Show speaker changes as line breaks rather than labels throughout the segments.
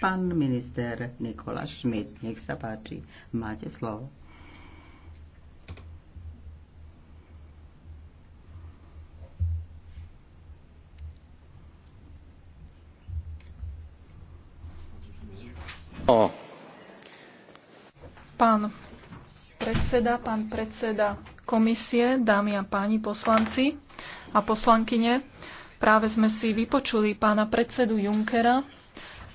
Pán minister Nikola Šmit, nech sa páči, máte slovo.
O. Pán predseda, pán predseda komisie, dámy a páni poslanci a poslankyne, práve sme si vypočuli pána predsedu Junkera,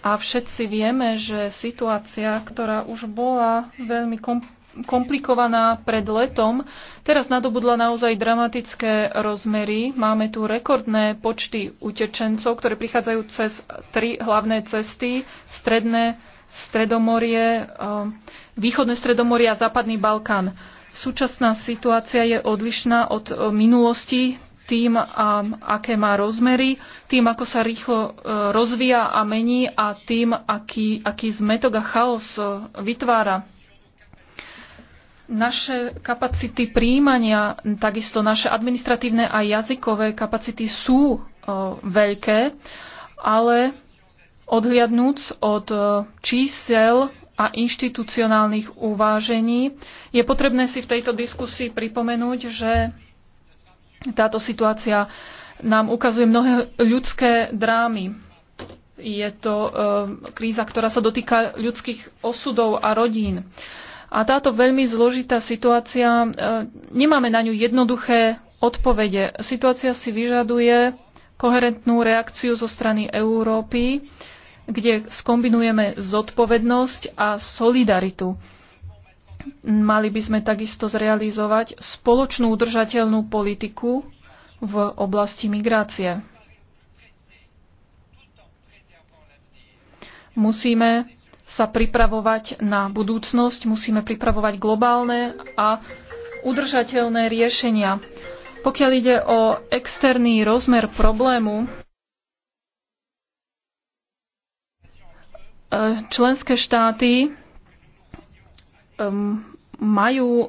a všetci vieme, že situácia, ktorá už bola veľmi komplikovaná pred letom, teraz nadobudla naozaj dramatické rozmery. Máme tu rekordné počty utečencov, ktoré prichádzajú cez tri hlavné cesty, stredné Stredomorie, ehm, východné Stredomorie a západný Balkán. Súčasná situácia je odlišná od ehm, minulosti tým, aké má rozmery, tým, ako sa rýchlo e, rozvíja a mení a tým, aký, aký zmetok a chaos e, vytvára. Naše kapacity príjmania, takisto naše administratívne a jazykové kapacity sú e, veľké, ale odhliadnúc od čísel a inštitucionálnych uvážení, je potrebné si v tejto diskusii pripomenúť, že táto situácia nám ukazuje mnohé ľudské drámy. Je to eh, kríza, ktorá sa dotýka ľudských osudov a rodín. A táto veľmi zložitá situácia, eh, nemáme na ňu jednoduché odpovede. Situácia si vyžaduje koherentnú reakciu zo strany Európy, kde skombinujeme zodpovednosť a solidaritu. Mali by sme takisto zrealizovať spoločnú udržateľnú politiku v oblasti migrácie. Musíme sa pripravovať na budúcnosť, musíme pripravovať globálne a udržateľné riešenia. Pokiaľ ide o externý rozmer problému, e, členské štáty majú e,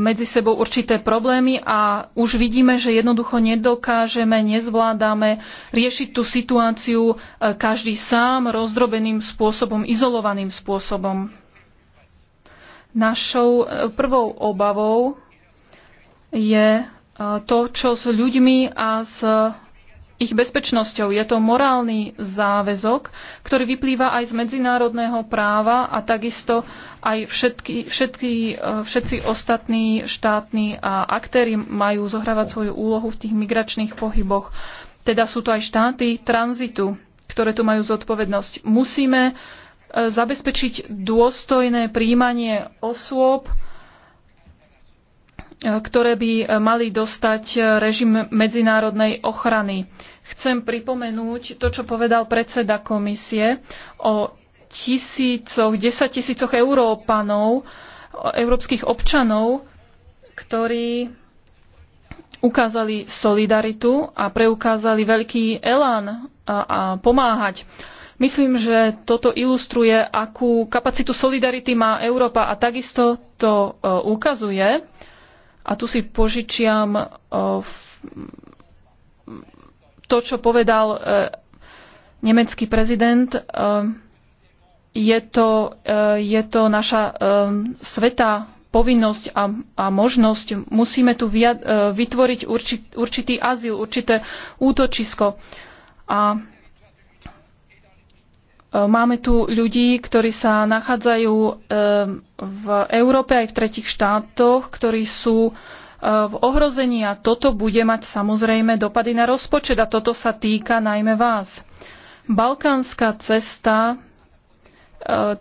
medzi sebou určité problémy a už vidíme, že jednoducho nedokážeme, nezvládame riešiť tú situáciu e, každý sám, rozdrobeným spôsobom, izolovaným spôsobom. Našou e, prvou obavou je to, čo s ľuďmi a s ich bezpečnosťou. Je to morálny záväzok, ktorý vyplýva aj z medzinárodného práva a takisto aj všetky, všetky, eh, všetci ostatní štátni a aktéry majú zohrávať svoju úlohu v tých migračných pohyboch. Teda sú to aj štáty tranzitu, ktoré tu majú zodpovednosť. Musíme eh, zabezpečiť dôstojné príjmanie osôb, E, ktoré by e, mali dostať e, režim medzinárodnej ochrany. Chcem pripomenúť to, čo povedal predseda komisie o tisícoch, desať tisícoch Európanov, európskych občanov, ktorí ukázali solidaritu a preukázali veľký elán a, a pomáhať. Myslím, že toto ilustruje, akú kapacitu solidarity má Európa a takisto to ukazuje, a tu si požičiam eh, to, čo povedal eh, nemecký prezident. Eh, je to, je to naša sveta povinnosť a, a možnosť. Musíme tu vytvoriť určitý azyl, určité útočisko. A Eh, máme tu ľudí, ktorí sa nachádzajú eh, v Európe aj v tretich štátoch, ktorí sú eh, v ohrození a toto bude mať samozrejme dopady na rozpočet a toto sa týka najmä vás. Balkánska cesta,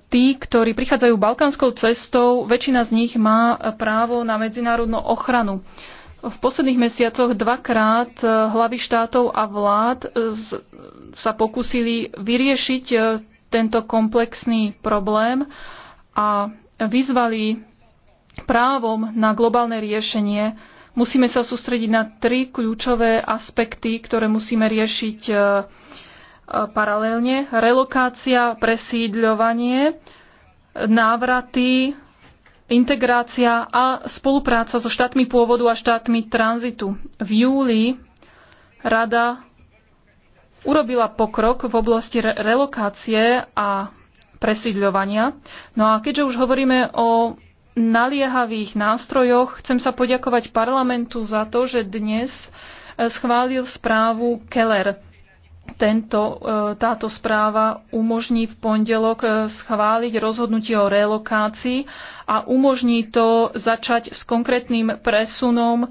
tí, ktorí prichádzajú balkánskou cestou, väčšina z nich má právo na medzinárodnú ochranu. V posledných mesiacoch dvakrát eh, hlavy štátov a vlád eh, sa pokúsili vyriešiť eh, tento komplexný problém a vyzvali právom na globálne riešenie. Musíme sa sústrediť na tri kľúčové aspekty, ktoré musíme riešiť paralelne. Relokácia, presídľovanie, návraty integrácia a spolupráca so štátmi pôvodu a štátmi tranzitu. V júli rada urobila pokrok v oblasti re- relokácie a presídľovania. No a keďže už hovoríme o naliehavých nástrojoch, chcem sa poďakovať parlamentu za to, že dnes eh, schválil správu Keller tento, e, táto správa umožní v pondelok e, schváliť rozhodnutie o relokácii a umožní to začať s konkrétnym presunom e,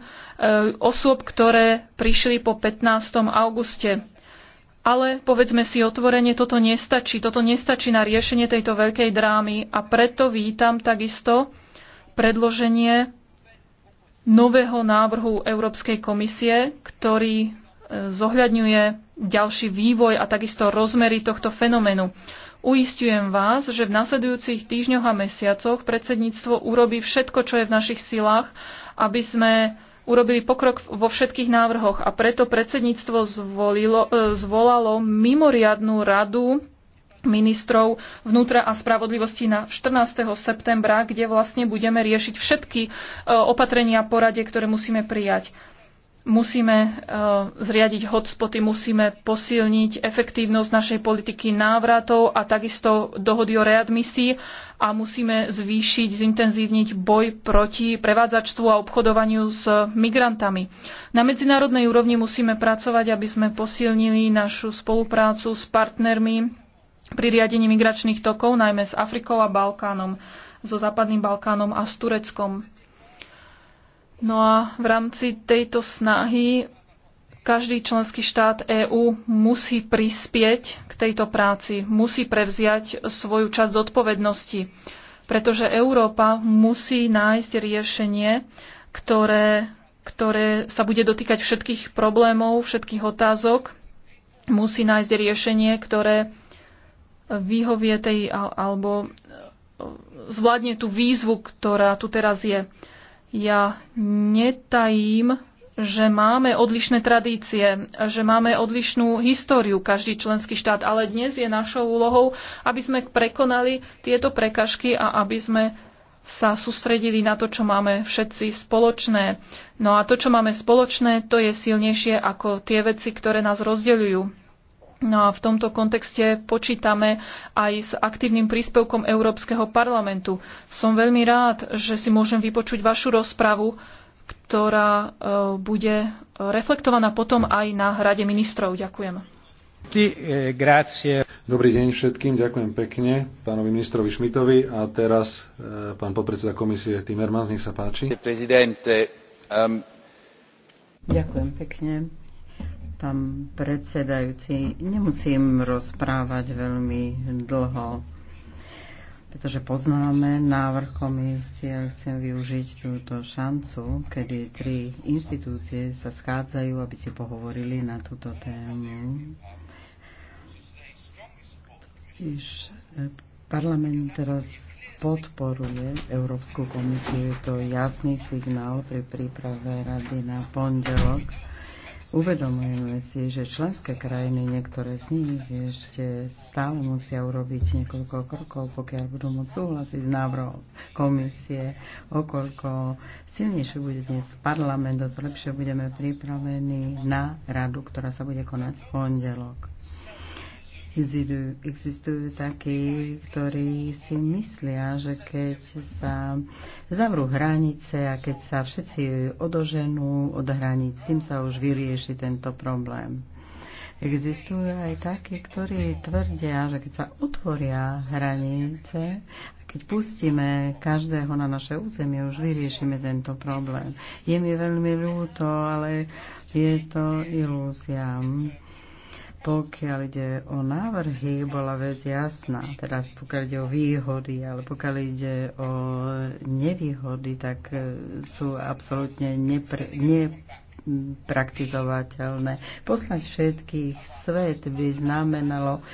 osôb, ktoré prišli po 15. auguste. Ale povedzme si otvorene, toto nestačí. Toto nestačí na riešenie tejto veľkej drámy a preto vítam takisto predloženie nového návrhu Európskej komisie, ktorý zohľadňuje ďalší vývoj a takisto rozmery tohto fenoménu. Uistujem vás, že v nasledujúcich týždňoch a mesiacoch predsedníctvo urobí všetko, čo je v našich silách, aby sme urobili pokrok vo všetkých návrhoch a preto predsedníctvo zvolilo, e, zvolalo mimoriadnú radu ministrov vnútra a spravodlivosti na 14. septembra, kde vlastne budeme riešiť všetky e, opatrenia a poradie, ktoré musíme prijať musíme e, zriadiť hotspoty, musíme posilniť efektívnosť našej politiky návratov a takisto dohody o readmisii a musíme zvýšiť, zintenzívniť boj proti prevádzačstvu a obchodovaniu s migrantami. Na medzinárodnej úrovni musíme pracovať, aby sme posilnili našu spoluprácu s partnermi pri riadení migračných tokov, najmä s Afrikou a Balkánom, so Západným Balkánom a s Tureckom. No a v rámci tejto snahy každý členský štát EÚ musí prispieť k tejto práci, musí prevziať svoju časť zodpovednosti, pretože Európa musí nájsť riešenie, ktoré, ktoré sa bude dotýkať všetkých problémov, všetkých otázok. Musí nájsť riešenie, ktoré vyhovie tej alebo e, zvládne tú výzvu, ktorá tu teraz je. Ja netajím, že máme odlišné tradície, že máme odlišnú históriu každý členský štát, ale dnes je našou úlohou, aby sme prekonali tieto prekažky a aby sme sa sústredili na to, čo máme všetci spoločné. No a to, čo máme spoločné, to je silnejšie ako tie veci, ktoré nás rozdeľujú. No a v tomto kontexte počítame aj s aktívnym príspevkom Európskeho parlamentu. Som veľmi rád, že si môžem vypočuť vašu rozpravu, ktorá e, bude reflektovaná potom aj na Rade ministrov. Ďakujem.
E, Dobrý deň všetkým, ďakujem pekne pánovi ministrovi Šmitovi a teraz e, pán podpredseda komisie Timmermans, nech sa páči. Ehm,
ďakujem pekne. Pán predsedajúci, nemusím rozprávať veľmi dlho, pretože poznáme návrh komisie. Chcem využiť túto šancu, kedy tri inštitúcie sa schádzajú, aby si pohovorili na túto tému. Iž e, parlament teraz podporuje Európsku komisiu. Je to jasný signál pri príprave rady na pondelok Uvedomujeme si, že členské krajiny, niektoré z nich ešte stále musia urobiť niekoľko krokov, pokiaľ budú môcť súhlasiť s návrhom komisie, okoľko silnejšie bude dnes parlament, o to lepšie budeme pripravení na radu, ktorá sa bude konať v pondelok existujú takí, ktorí si myslia, že keď sa zavrú hranice a keď sa všetci odoženú od hraníc, tým sa už vyrieši tento problém. Existujú aj takí, ktorí tvrdia, že keď sa otvoria hranice, keď pustíme každého na naše územie, už vyriešime tento problém. Je mi veľmi ľúto, ale je to ilúzia pokiaľ ide o návrhy, bola vec jasná. Teda pokiaľ ide o výhody, ale pokiaľ ide o nevýhody, tak e, sú absolútne nepre, nepraktizovateľné. Poslať všetkých svet by znamenalo,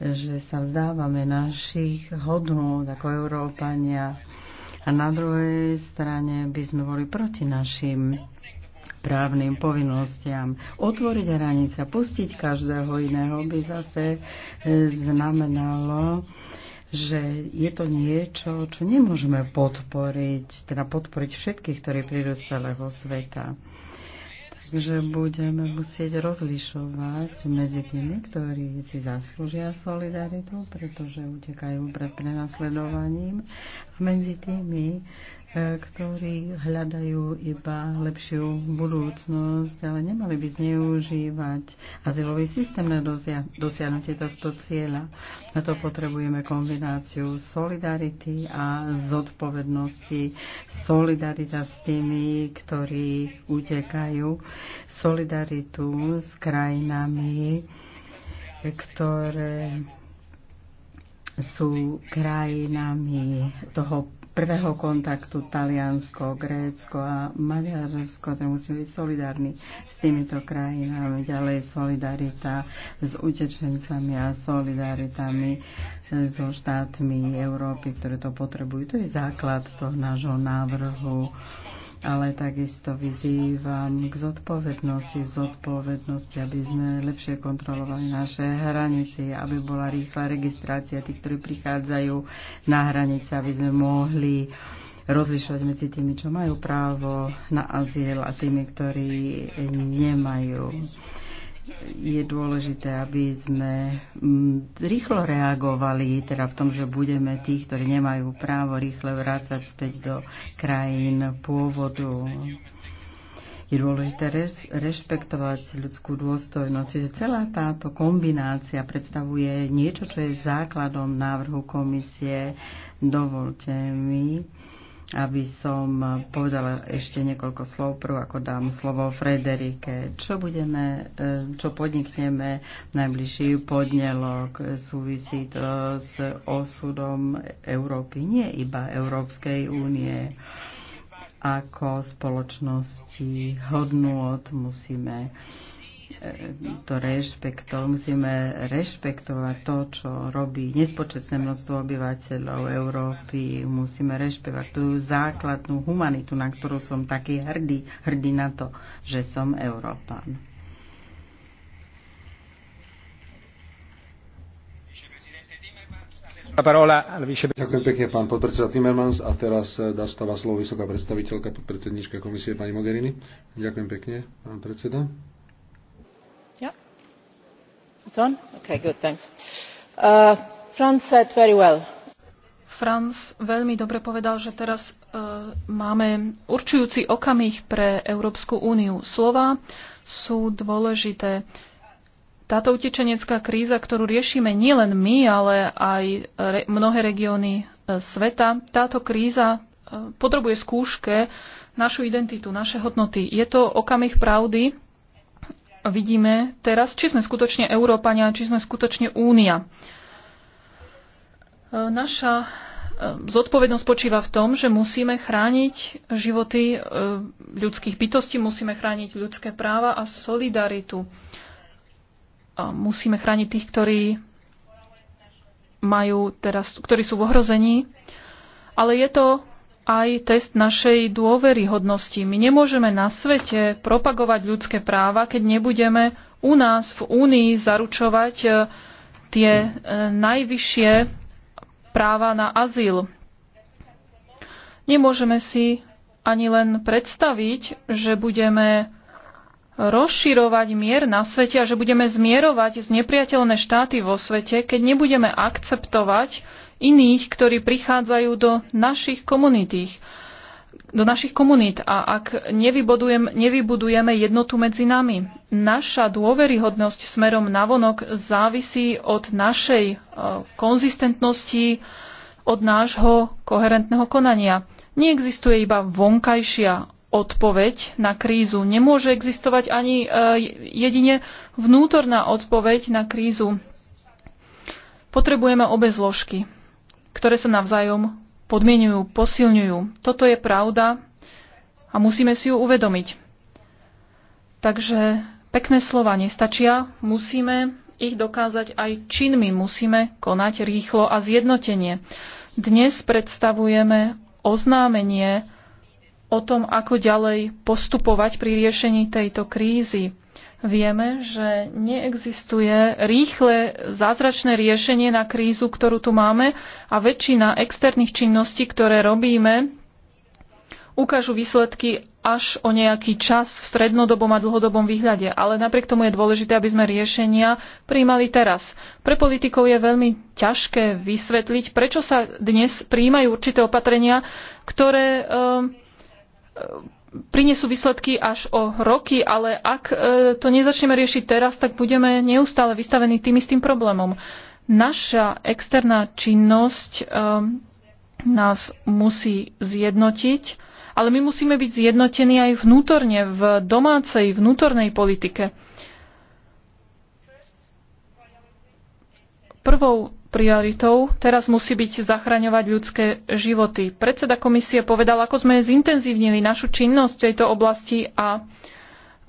že sa vzdávame našich hodnôt ako Európania a na druhej strane by sme boli proti našim právnym povinnostiam. Otvoriť hranice, pustiť každého iného by zase e, znamenalo, že je to niečo, čo nemôžeme podporiť, teda podporiť všetkých, ktorí prídu z celého sveta. Takže budeme musieť rozlišovať medzi tými, ktorí si zaslúžia solidaritu, pretože utekajú pred prenasledovaním, a medzi tými, E, ktorí hľadajú iba lepšiu budúcnosť, ale nemali by zneužívať azylový systém na dosiahnutie tohto cieľa. Na to potrebujeme kombináciu solidarity a zodpovednosti. Solidarita s tými, ktorí utekajú, solidaritu s krajinami, ktoré sú krajinami toho prvého kontaktu Taliansko, Grécko a Maďarsko, teda musíme byť solidárni s týmito krajinami. Ďalej solidarita s utečencami a solidaritami so štátmi Európy, ktoré to potrebujú. To je základ toho nášho návrhu ale takisto vyzývam k zodpovednosti, zodpovednosti, aby sme lepšie kontrolovali naše hranice, aby bola rýchla registrácia tých, ktorí prichádzajú na hranice, aby sme mohli rozlišovať medzi tými, čo majú právo na azyl a tými, ktorí nemajú je dôležité, aby sme mm, rýchlo reagovali, teda v tom, že budeme tých, ktorí nemajú právo rýchle vrácať späť do krajín pôvodu. Je dôležité rešpektovať ľudskú dôstojnosť. Čiže celá táto kombinácia predstavuje niečo, čo je základom návrhu komisie. Dovolte mi aby som povedala ešte niekoľko slov, prv ako dám slovo Frederike. Čo budeme, e, čo podnikneme najbližší podnelok, súvisí to s osudom Európy, nie iba Európskej únie. Ako spoločnosti od musíme uh, to rešpekto, Musíme rešpektovať to, čo robí nespočetné množstvo obyvateľov Európy. Musíme rešpektovať tú základnú humanitu, na ktorú som taký hrdý, hrdý na to, že som Európan.
Ďakujem pekne, pán podpredseda Timmermans. A teraz eh, dostáva slovo vysoká predstaviteľka, podpredsednička komisie, pani Mogherini. Ďakujem pekne, pán predseda.
Okay, uh, franz veľmi dobre povedal že teraz uh, máme určujúci okamih pre európsku úniu. slová sú dôležité. táto utečenecká kríza ktorú riešime nielen my ale aj re mnohé regióny uh, sveta táto kríza potrebuje skúške našu identitu naše hodnoty. je to okamih pravdy vidíme teraz, či sme skutočne Európania, či sme skutočne Únia. E, naša e, zodpovednosť počíva v tom, že musíme chrániť životy e, ľudských bytostí, musíme chrániť ľudské práva a solidaritu. Musíme chrániť tých, ktorí majú teraz, ktorí sú v ohrození, ale je to aj test našej dôveryhodnosti. My nemôžeme na svete propagovať ľudské práva, keď nebudeme u nás v Únii zaručovať e, tie e, najvyššie práva na azyl. Nemôžeme si ani len predstaviť, že budeme rozširovať mier na svete a že budeme zmierovať z nepriateľné štáty vo svete, keď nebudeme akceptovať iných, ktorí prichádzajú do našich komunitých do našich komunít a ak nevybudujem, nevybudujeme jednotu medzi nami. Naša dôveryhodnosť smerom navonok závisí od našej e, konzistentnosti, od nášho koherentného konania. Neexistuje iba vonkajšia odpoveď na krízu. Nemôže existovať ani e, jedine vnútorná odpoveď na krízu. Potrebujeme obe zložky ktoré sa navzájom podmienujú, posilňujú. Toto je pravda a musíme si ju uvedomiť. Takže pekné slova nestačia, musíme ich dokázať aj činmi, musíme konať rýchlo a zjednotenie. Dnes predstavujeme oznámenie o tom, ako ďalej postupovať pri riešení tejto krízy. Vieme, že neexistuje rýchle zázračné riešenie na krízu, ktorú tu máme a väčšina externých činností, ktoré robíme, ukážu výsledky až o nejaký čas v strednodobom a dlhodobom výhľade. Ale napriek tomu je dôležité, aby sme riešenia príjmali teraz. Pre politikov je veľmi ťažké vysvetliť, prečo sa dnes príjmajú určité opatrenia, ktoré. Um, prinesú výsledky až o roky, ale ak e, to nezačneme riešiť teraz, tak budeme neustále vystavení tým istým problémom. Naša externá činnosť e, nás musí zjednotiť, ale my musíme byť zjednotení aj vnútorne, v domácej, vnútornej politike. Prvou prioritou teraz musí byť zachraňovať ľudské životy. Predseda komisie povedal, ako sme zintenzívnili našu činnosť v tejto oblasti a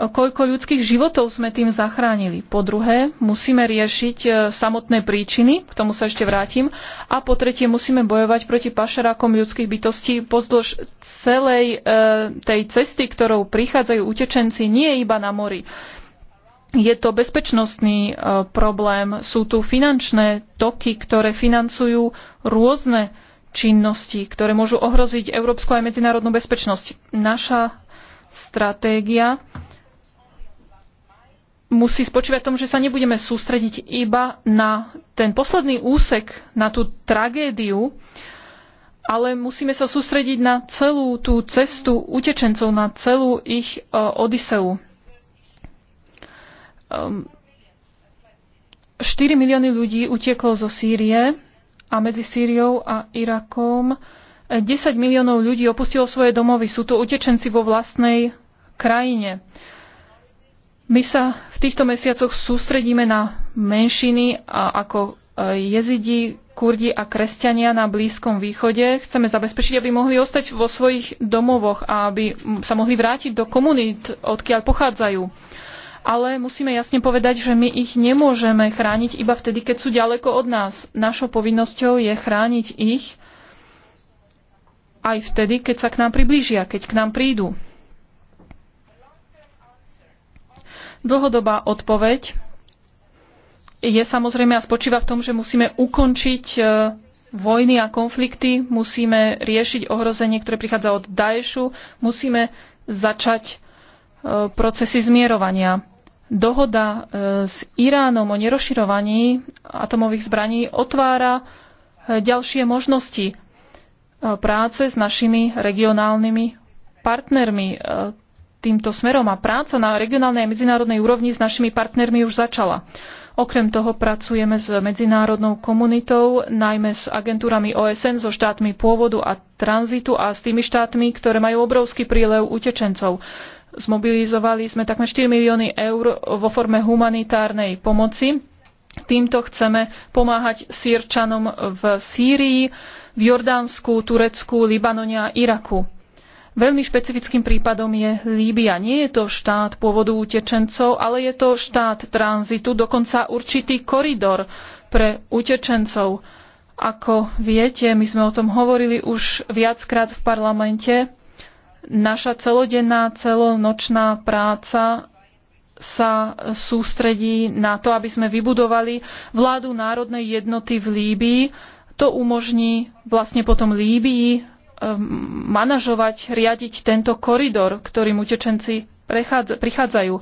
koľko ľudských životov sme tým zachránili. Po druhé, musíme riešiť e, samotné príčiny, k tomu sa ešte vrátim. A po tretie, musíme bojovať proti pašerákom ľudských bytostí pozdĺž celej e, tej cesty, ktorou prichádzajú utečenci, nie iba na mori je to bezpečnostný e, problém, sú tu finančné toky, ktoré financujú rôzne činnosti, ktoré môžu ohroziť európsku aj medzinárodnú bezpečnosť. Naša stratégia musí spočívať v tom, že sa nebudeme sústrediť iba na ten posledný úsek, na tú tragédiu, ale musíme sa sústrediť na celú tú cestu utečencov, na celú ich e, odiseu. 4 ehm, milióny ľudí utieklo zo Sýrie a medzi Sýriou a Irakom 10 eh, miliónov ľudí opustilo svoje domovy. Sú to utečenci vo vlastnej krajine. My sa v týchto mesiacoch sústredíme na menšiny a ako eh, jezidi, kurdi a kresťania na Blízkom východe. Chceme zabezpečiť, aby mohli ostať vo svojich domovoch a aby mm, sa mohli vrátiť do komunít, odkiaľ pochádzajú ale musíme jasne povedať, že my ich nemôžeme chrániť iba vtedy, keď sú ďaleko od nás. Našou povinnosťou je chrániť ich aj vtedy, keď sa k nám priblížia, keď k nám prídu. Dlhodobá odpoveď je samozrejme a spočíva v tom, že musíme ukončiť e, vojny a konflikty, musíme riešiť ohrozenie, ktoré prichádza od Daešu, musíme začať e, procesy zmierovania dohoda e, s Iránom o nerozširovaní atomových zbraní otvára e, ďalšie možnosti e, práce s našimi regionálnymi partnermi týmto smerom a práca na regionálnej a medzinárodnej úrovni s našimi partnermi už začala. Okrem toho pracujeme s medzinárodnou komunitou, najmä s agentúrami OSN, so štátmi pôvodu a tranzitu a s tými štátmi, ktoré majú obrovský prílev utečencov. Zmobilizovali sme takmer 4 milióny eur vo forme humanitárnej pomoci. Týmto chceme pomáhať sírčanom v Sýrii, v Jordánsku, Turecku, Libanone a Iraku. Veľmi špecifickým prípadom je Líbia. Nie je to štát pôvodu utečencov, ale je to štát tranzitu, dokonca určitý koridor pre utečencov. Ako viete, my sme o tom hovorili už viackrát v parlamente, Naša celodenná, celonočná práca sa sústredí na to, aby sme vybudovali vládu národnej jednoty v Líbii. To umožní vlastne potom Líbii eh, manažovať, riadiť tento koridor, ktorým utečenci prichádzajú.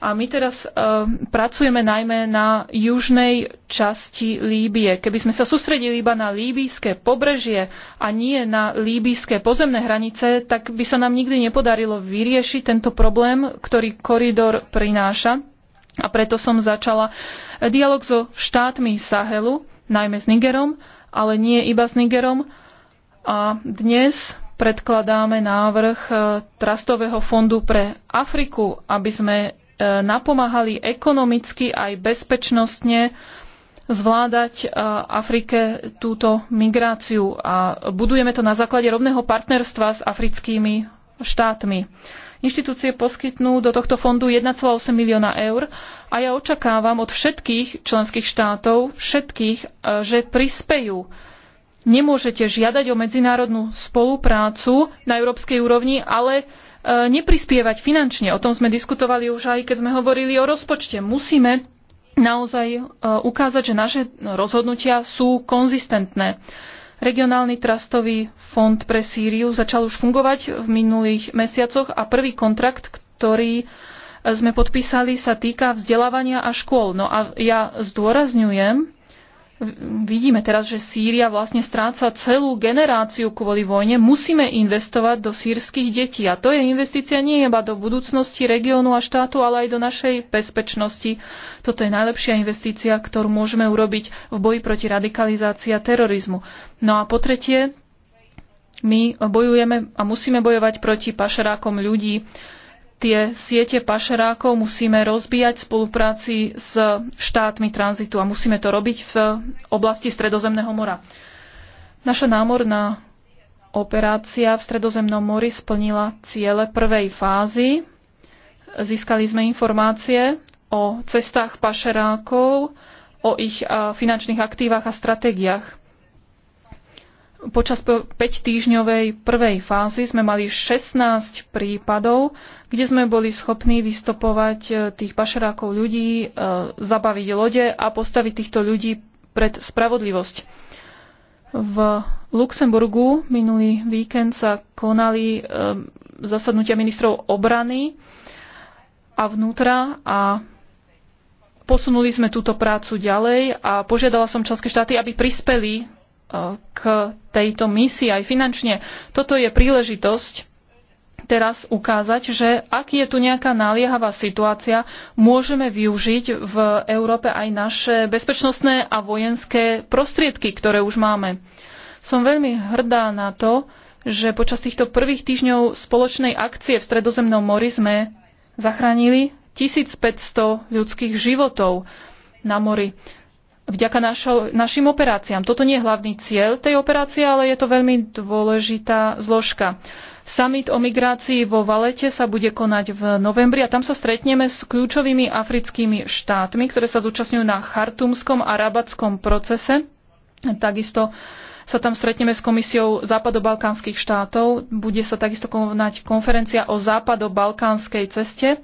A my teraz uh, pracujeme najmä na južnej časti Líbie. Keby sme sa sústredili iba na líbijské pobrežie a nie na líbijské pozemné hranice, tak by sa nám nikdy nepodarilo vyriešiť tento problém, ktorý koridor prináša. A preto som začala dialog so štátmi Sahelu, najmä s Nigerom, ale nie iba s Nigerom. A dnes predkladáme návrh eh, Trastového fondu pre Afriku, aby sme E, napomáhali ekonomicky aj bezpečnostne zvládať e, Afrike túto migráciu a budujeme to na základe rovného partnerstva s africkými štátmi. Inštitúcie poskytnú do tohto fondu 1,8 milióna eur a ja očakávam od všetkých členských štátov, všetkých, e, že prispejú. Nemôžete žiadať o medzinárodnú spoluprácu na európskej úrovni, ale E, neprispievať finančne. O tom sme diskutovali už aj, keď sme hovorili o rozpočte. Musíme naozaj e, ukázať, že naše rozhodnutia sú konzistentné. Regionálny trastový fond pre Sýriu začal už fungovať v minulých mesiacoch a prvý kontrakt, ktorý e, sme podpísali, sa týka vzdelávania a škôl. No a ja zdôrazňujem, Vidíme teraz, že Sýria vlastne stráca celú generáciu kvôli vojne. Musíme investovať do sírskych detí. A to je investícia nie iba do budúcnosti regiónu a štátu, ale aj do našej bezpečnosti. Toto je najlepšia investícia, ktorú môžeme urobiť v boji proti radikalizácii a terorizmu. No a po tretie, my bojujeme a musíme bojovať proti pašerákom ľudí tie siete pašerákov musíme rozbíjať v spolupráci s štátmi tranzitu a musíme to robiť v oblasti Stredozemného mora. Naša námorná operácia v Stredozemnom mori splnila ciele prvej fázy. Získali sme informácie o cestách pašerákov, o ich finančných aktívach a stratégiách. Počas 5-týždňovej prvej fázy sme mali 16 prípadov, kde sme boli schopní vystopovať e, tých pašerákov ľudí, e, zabaviť lode a postaviť týchto ľudí pred spravodlivosť. V Luxemburgu minulý víkend sa konali e, zasadnutia ministrov obrany a vnútra a posunuli sme túto prácu ďalej a požiadala som členské štáty, aby prispeli k tejto misii aj finančne. Toto je príležitosť teraz ukázať, že ak je tu nejaká naliehavá situácia, môžeme využiť v Európe aj naše bezpečnostné a vojenské prostriedky, ktoré už máme. Som veľmi hrdá na to, že počas týchto prvých týždňov spoločnej akcie v Stredozemnom mori sme zachránili 1500 ľudských životov na mori vďaka našo, našim operáciám. Toto nie je hlavný cieľ tej operácie, ale je to veľmi dôležitá zložka. Summit o migrácii vo Valete sa bude konať v novembri a tam sa stretneme s kľúčovými africkými štátmi, ktoré sa zúčastňujú na chartumskom a rabatskom procese. Takisto sa tam stretneme s komisiou západobalkánskych štátov. Bude sa takisto konať konferencia o západobalkánskej ceste.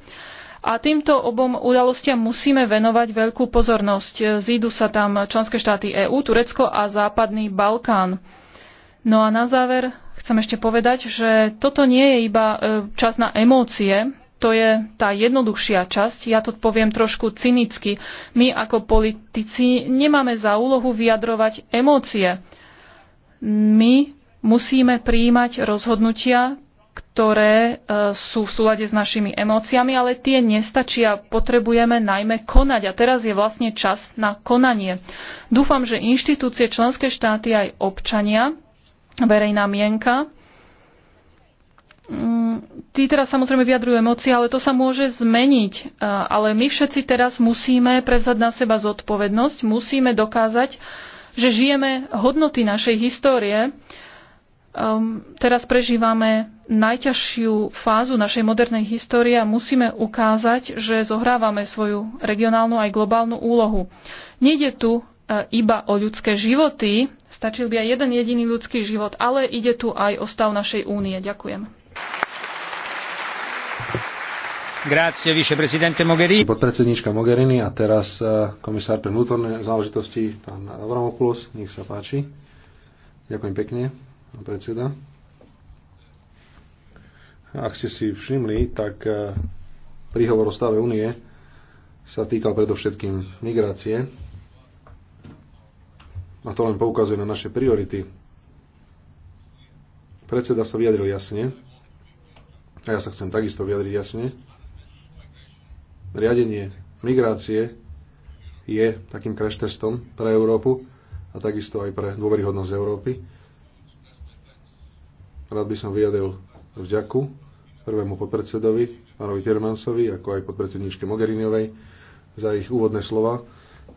A týmto obom udalostiam musíme venovať veľkú pozornosť. Zídu sa tam členské štáty EÚ, Turecko a Západný Balkán. No a na záver chcem ešte povedať, že toto nie je iba e, čas na emócie, to je tá jednoduchšia časť. Ja to poviem trošku cynicky. My ako politici nemáme za úlohu vyjadrovať emócie. My musíme prijímať rozhodnutia, ktoré e, sú v súlade s našimi emóciami, ale tie nestačia. Potrebujeme najmä konať. A teraz je vlastne čas na konanie. Dúfam, že inštitúcie, členské štáty aj občania, verejná mienka, mm, Tí teraz samozrejme vyjadrujú emócie, ale to sa môže zmeniť. E, ale my všetci teraz musíme prevzať na seba zodpovednosť, musíme dokázať, že žijeme hodnoty našej histórie. Ehm, teraz prežívame najťažšiu fázu našej modernej histórie a musíme ukázať, že zohrávame svoju regionálnu aj globálnu úlohu. Nejde tu e, iba o ľudské životy, stačil by aj jeden jediný ľudský život, ale ide tu aj o stav našej únie. Ďakujem.
Grazie, viceprezidente Mogherini. Podpredsednička Mogherini a teraz e, komisár pre vnútorné záležitosti, pán Avramopoulos, nech sa páči. Ďakujem pekne, pán predseda. Ak ste si všimli, tak eh, príhovor o stave únie sa týkal predovšetkým migrácie. A to len poukazuje na naše priority. Predseda sa vyjadril jasne. A ja sa chcem takisto vyjadriť jasne. Riadenie migrácie je takým crash testom pre Európu a takisto aj pre dôveryhodnosť Európy. Rád by som vyjadril vďaku prvému podpredsedovi, pánovi Tiermansovi, ako aj podpredsedničke Mogheriniovej, za ich úvodné slova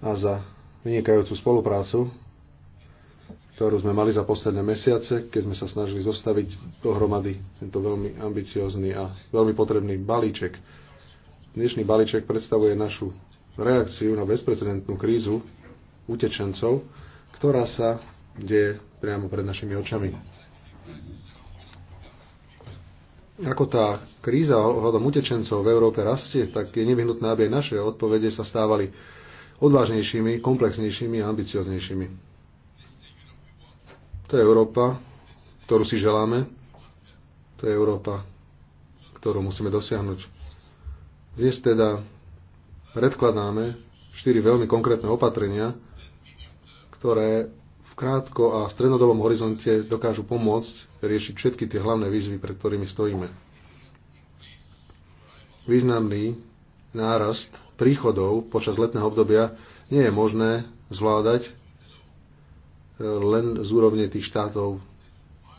a za vynikajúcu spoluprácu, ktorú sme mali za posledné mesiace, keď sme sa snažili zostaviť dohromady tento veľmi ambiciózny a veľmi potrebný balíček. Dnešný balíček predstavuje našu reakciu na bezprecedentnú krízu utečencov, ktorá sa deje priamo pred našimi očami ako tá kríza ohľadom utečencov v Európe rastie, tak je nevyhnutné, aby aj naše odpovede sa stávali odvážnejšími, komplexnejšími a ambicioznejšími. To je Európa, ktorú si želáme. To je Európa, ktorú musíme dosiahnuť. Dnes teda predkladáme štyri veľmi konkrétne opatrenia, ktoré krátko a strednodobom horizonte dokážu pomôcť riešiť všetky tie hlavné výzvy, pred ktorými stojíme. Významný nárast príchodov počas letného obdobia nie je možné zvládať e, len z úrovne tých štátov,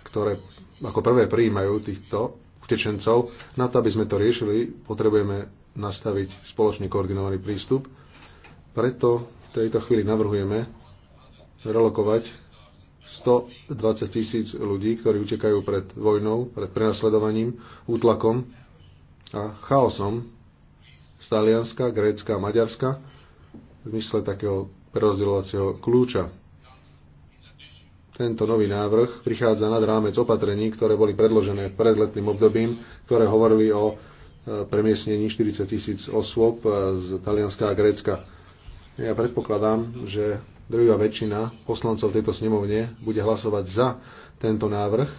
ktoré ako prvé prijímajú týchto utečencov. Na to, aby sme to riešili, potrebujeme nastaviť spoločne koordinovaný prístup. Preto v tejto chvíli navrhujeme relokovať 120 tisíc ľudí, ktorí utekajú pred vojnou, pred prenasledovaním, útlakom a chaosom z Talianska, Grécka a Maďarska v zmysle takého prerozdeľovacieho kľúča. Tento nový návrh prichádza nad rámec opatrení, ktoré boli predložené pred letným obdobím, ktoré hovorili o e, premiesnení 40 tisíc osôb e, z Talianska a Grécka. Ja predpokladám, že druhá väčšina poslancov tejto snemovne bude hlasovať za tento návrh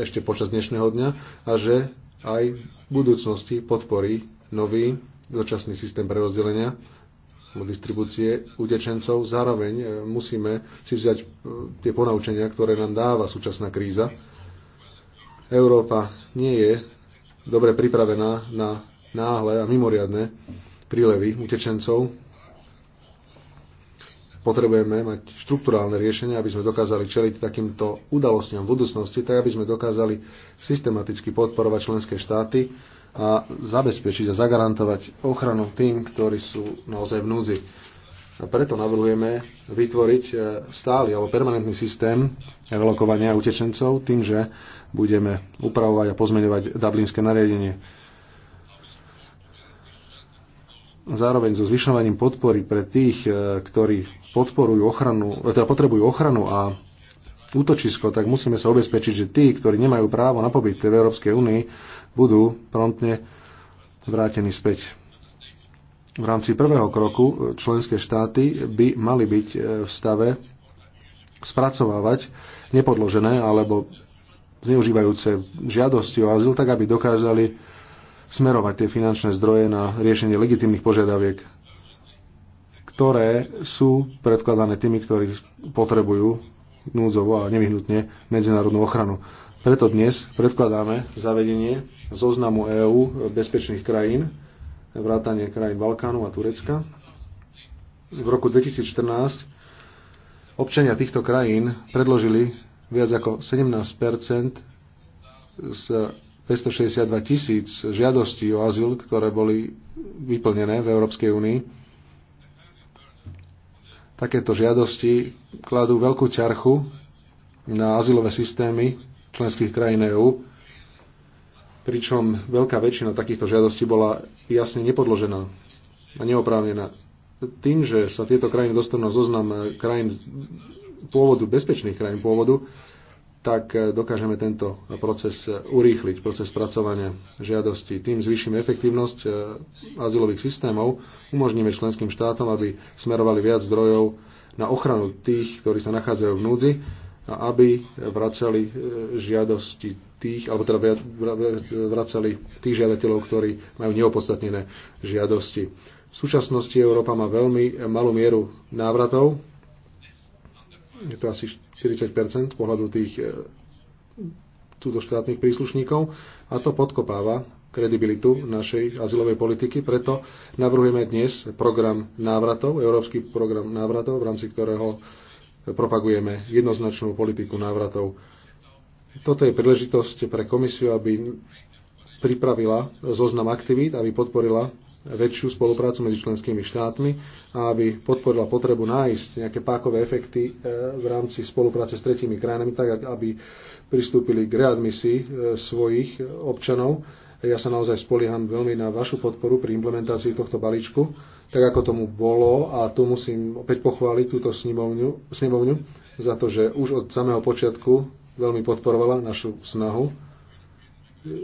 ešte počas dnešného dňa a že aj v budúcnosti podporí nový dočasný systém prerozdelenia distribúcie utečencov. Zároveň e, musíme si vziať e, tie ponaučenia, ktoré nám dáva súčasná kríza. Európa nie je dobre pripravená na náhle a mimoriadne prílevy utečencov potrebujeme mať štruktúrálne riešenia, aby sme dokázali čeliť takýmto udalostiam v budúcnosti, tak aby sme dokázali systematicky podporovať členské štáty a zabezpečiť a zagarantovať ochranu tým, ktorí sú naozaj v núdzi. A preto navrhujeme vytvoriť e, stály alebo permanentný systém relokovania utečencov tým, že budeme upravovať a pozmeňovať dublinské nariadenie zároveň so zvyšovaním podpory pre tých, e, ktorí podporujú ochranu, e, teda potrebujú ochranu a útočisko, tak musíme sa obezpečiť, že tí, ktorí nemajú právo na pobyt v Európskej únii, budú promptne vrátení späť. V rámci prvého kroku e, členské štáty by mali byť v stave spracovávať nepodložené alebo zneužívajúce žiadosti o azyl, tak aby dokázali smerovať tie finančné zdroje na riešenie legitimných požiadaviek, ktoré sú predkladané tými, ktorí potrebujú núdzovo a nevyhnutne medzinárodnú ochranu. Preto dnes predkladáme zavedenie zoznamu EÚ bezpečných krajín, vrátanie krajín Balkánu a Turecka. V roku 2014 občania týchto krajín predložili viac ako 17 z 562 tisíc žiadostí o azyl, ktoré boli vyplnené v Európskej únii. Takéto žiadosti kladú veľkú ťarchu na azylové systémy členských krajín EÚ, pričom veľká väčšina takýchto žiadostí bola jasne nepodložená a neoprávnená. Tým, že sa tieto krajiny dostanú zoznam krajín pôvodu, bezpečných krajín pôvodu, tak eh, dokážeme tento proces eh, urýchliť, proces spracovania žiadosti. Tým zvýšime efektívnosť eh, azylových systémov, umožníme členským štátom, aby smerovali viac zdrojov na ochranu tých, ktorí sa nachádzajú v núdzi a aby vracali žiadosti tých, alebo teda vracali tých žiadateľov, ktorí majú neopodstatnené žiadosti. V súčasnosti Európa má veľmi malú mieru návratov, je to asi 40 pohľadu tých e, štátnych príslušníkov a to podkopáva kredibilitu našej azylovej politiky. Preto navrhujeme dnes program návratov, európsky program návratov, v rámci ktorého propagujeme jednoznačnú politiku návratov. Toto je príležitosť pre komisiu, aby pripravila zoznam aktivít, aby podporila väčšiu spoluprácu medzi členskými štátmi a aby podporila potrebu nájsť nejaké pákové efekty e, v rámci spolupráce s tretími krajinami, tak aby pristúpili k readmisii e, svojich občanov. Ja sa naozaj spolieham veľmi na vašu podporu pri implementácii tohto balíčku, tak ako tomu bolo a tu musím opäť pochváliť túto snimovňu, snimovňu za to, že už od samého počiatku veľmi podporovala našu snahu e,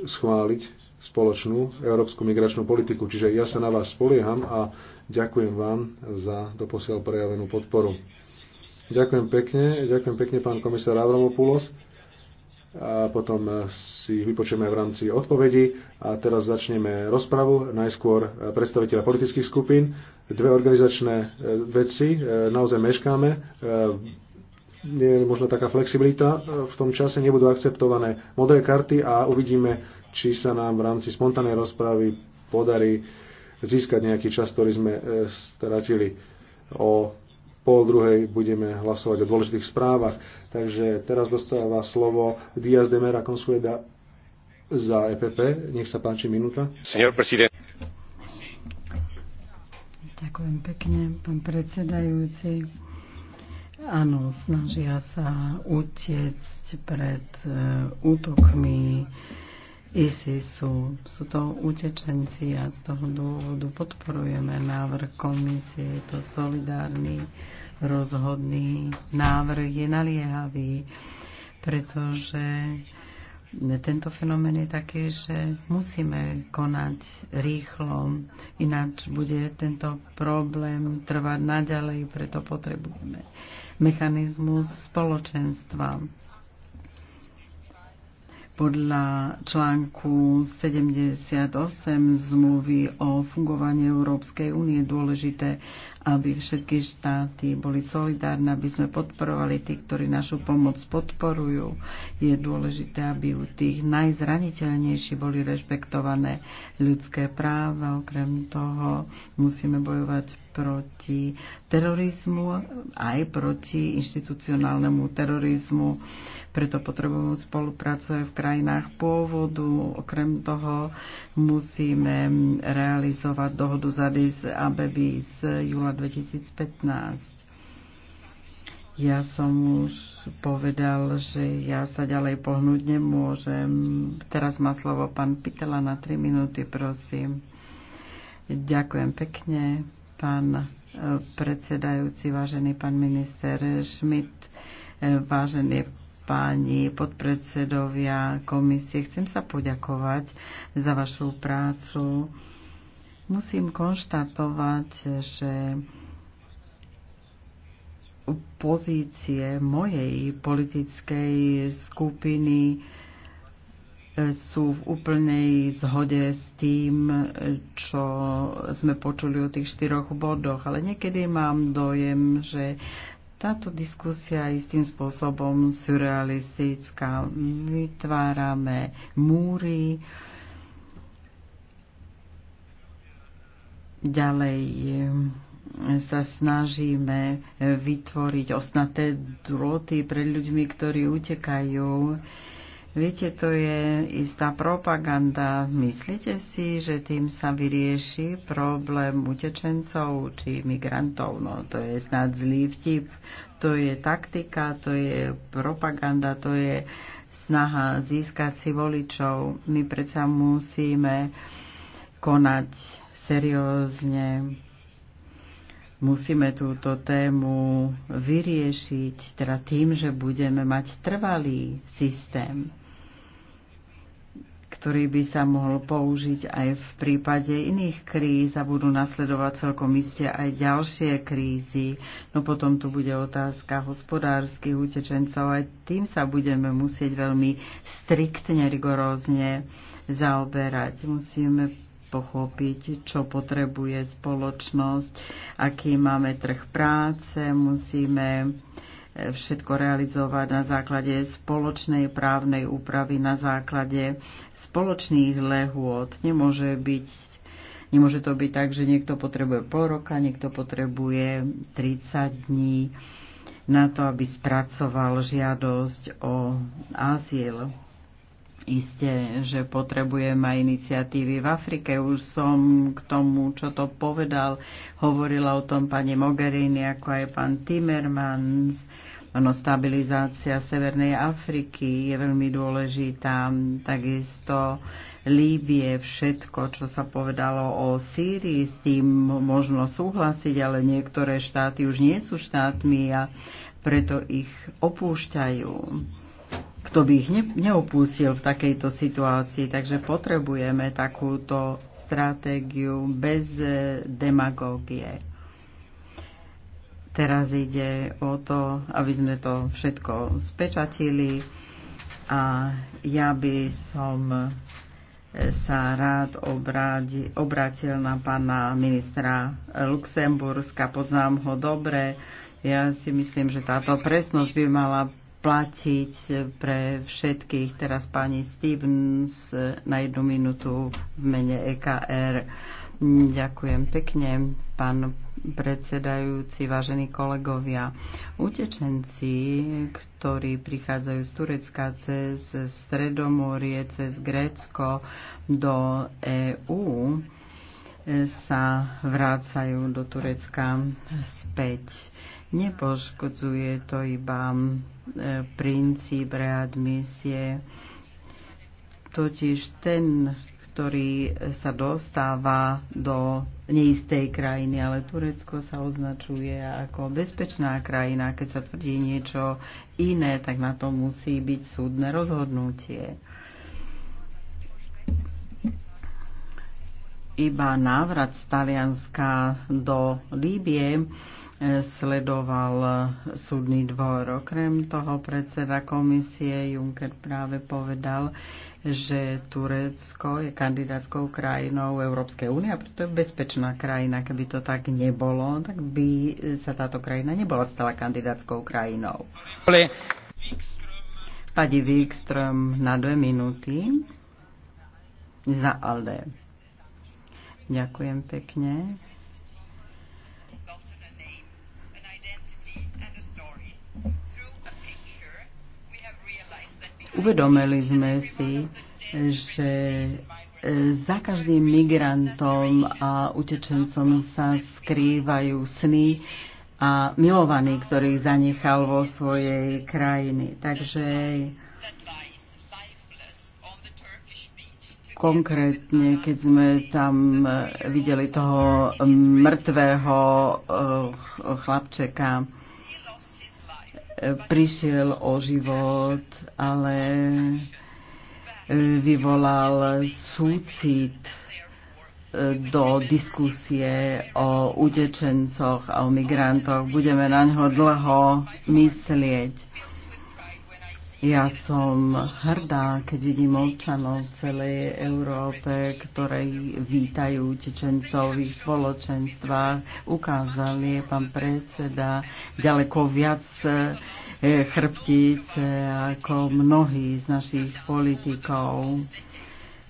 schváliť spoločnú európsku migračnú politiku. Čiže ja sa na vás spolieham a ďakujem vám za doposiaľ prejavenú podporu. Ďakujem pekne, ďakujem pekne pán komisár Avramopoulos. A potom si vypočujeme v rámci odpovedí. A teraz začneme rozpravu. Najskôr predstaviteľa politických skupín. Dve organizačné e, veci. E, naozaj meškáme e, je možno taká flexibilita v tom čase, nebudú akceptované modré karty a uvidíme či sa nám v rámci spontánnej rozpravy podarí získať nejaký čas, ktorý sme e, stratili. O pol druhej budeme hlasovať o dôležitých správach. Takže teraz dostáva slovo Diaz de Mera Consueda za EPP. Nech sa páči, minúta.
Ďakujem pekne, pán predsedajúci. Áno, snažia sa utiecť pred e, útokmi ISISu. Sú to utečenci a z toho dôvodu podporujeme návrh komisie. Je to solidárny, rozhodný návrh. Je naliehavý, pretože tento fenomén je taký, že musíme konať rýchlo, ináč bude tento problém trvať naďalej, preto potrebujeme mechanizmus spoločenstva podľa článku 78 zmluvy o fungovaní Európskej únie dôležité, aby všetky štáty boli solidárne, aby sme podporovali tých, ktorí našu pomoc podporujú. Je dôležité, aby u tých najzraniteľnejší boli rešpektované ľudské práva. Okrem toho musíme bojovať proti terorizmu, aj proti inštitucionálnemu terorizmu. Preto potrebujeme spoluprácu aj v krajinách pôvodu. Okrem toho musíme realizovať dohodu z Addis Abeby z júla 2015. Ja som už povedal, že ja sa ďalej pohnúť nemôžem. Teraz má slovo pán Pitela na 3 minúty, prosím. Ďakujem pekne pán e, predsedajúci, vážený pán minister Schmidt, e, vážený páni podpredsedovia komisie. Chcem sa poďakovať za vašu prácu. Musím konštatovať, že pozície mojej politickej skupiny sú v úplnej zhode s tým, čo sme počuli o tých štyroch bodoch. Ale niekedy mám dojem, že táto diskusia je istým spôsobom surrealistická. Vytvárame múry, ďalej eh, sa snažíme vytvoriť osnaté drôty pred ľuďmi, ktorí utekajú. Viete, to je istá propaganda. Myslíte si, že tým sa vyrieši problém utečencov či migrantov? No, to je snad zlý vtip. To je taktika, to je propaganda, to je snaha získať si voličov. My predsa musíme konať seriózne. Musíme túto tému vyriešiť teda tým, že budeme mať trvalý systém ktorý by sa mohol použiť aj v prípade iných kríz a budú nasledovať celkom iste aj ďalšie krízy. No potom tu bude otázka hospodárskych utečencov, aj tým sa budeme musieť veľmi striktne, rigorózne zaoberať. Musíme pochopiť, čo potrebuje spoločnosť, aký máme trh práce, musíme e, všetko realizovať na základe spoločnej právnej úpravy, na základe spoločných lehôd. Nemôže, byť, nemôže to byť tak, že niekto potrebuje pol roka, niekto potrebuje 30 dní na to, aby spracoval žiadosť o azyl. Isté, že potrebujem aj iniciatívy v Afrike. Už som k tomu, čo to povedal, hovorila o tom pani Mogherini, ako aj pán Timmermans ono stabilizácia Severnej Afriky je veľmi dôležitá, takisto Líbie, všetko, čo sa povedalo o Sýrii, s tým možno súhlasiť, ale niektoré štáty už nie sú štátmi a preto ich opúšťajú. Kto by ich neopúsil v takejto situácii, takže potrebujeme takúto stratégiu bez eh, demagógie. Teraz ide o to, aby sme to všetko spečatili a ja by som sa rád obrátil na pána ministra Luxemburska. Poznám ho dobre. Ja si myslím, že táto presnosť by mala platiť pre všetkých. Teraz pani Stevens na jednu minútu v mene EKR. Ďakujem pekne, pán predsedajúci, vážení kolegovia. Utečenci, ktorí prichádzajú z Turecka cez Stredomorie, cez Grécko do EÚ, sa vrácajú do Turecka späť. Nepoškodzuje to iba e, princíp readmisie, totiž ten ktorý sa dostáva do neistej krajiny, ale Turecko sa označuje ako bezpečná krajina. Keď sa tvrdí niečo iné, tak na to musí byť súdne rozhodnutie. Iba návrat z Talianska do Líbie e, sledoval súdny dvor. Okrem toho predseda komisie Juncker práve povedal, že Turecko je kandidátskou krajinou Európskej únie a preto je bezpečná krajina. Keby to tak nebolo, tak by sa táto krajina nebola stala kandidátskou krajinou. Pani Wikström na dve minúty za ALDE. Ďakujem pekne. Uvedomili sme si, že e, za každým migrantom a utečencom sa skrývajú sny a milovaní, ktorých zanechal vo svojej krajiny. Takže konkrétne, keď sme tam e, videli toho mŕtvého e, chlapčeka, prišiel o život, ale e, vyvolal súcit e, do diskusie o utečencoch a o migrantoch. Budeme na ňo dlho myslieť. Ja som hrdá, keď vidím občanov celej Európe, ktorí vítajú utečencov v ich spoločenstvách. Ukázal je pán predseda ďaleko viac eh, chrbtíc ako mnohí z našich politikov.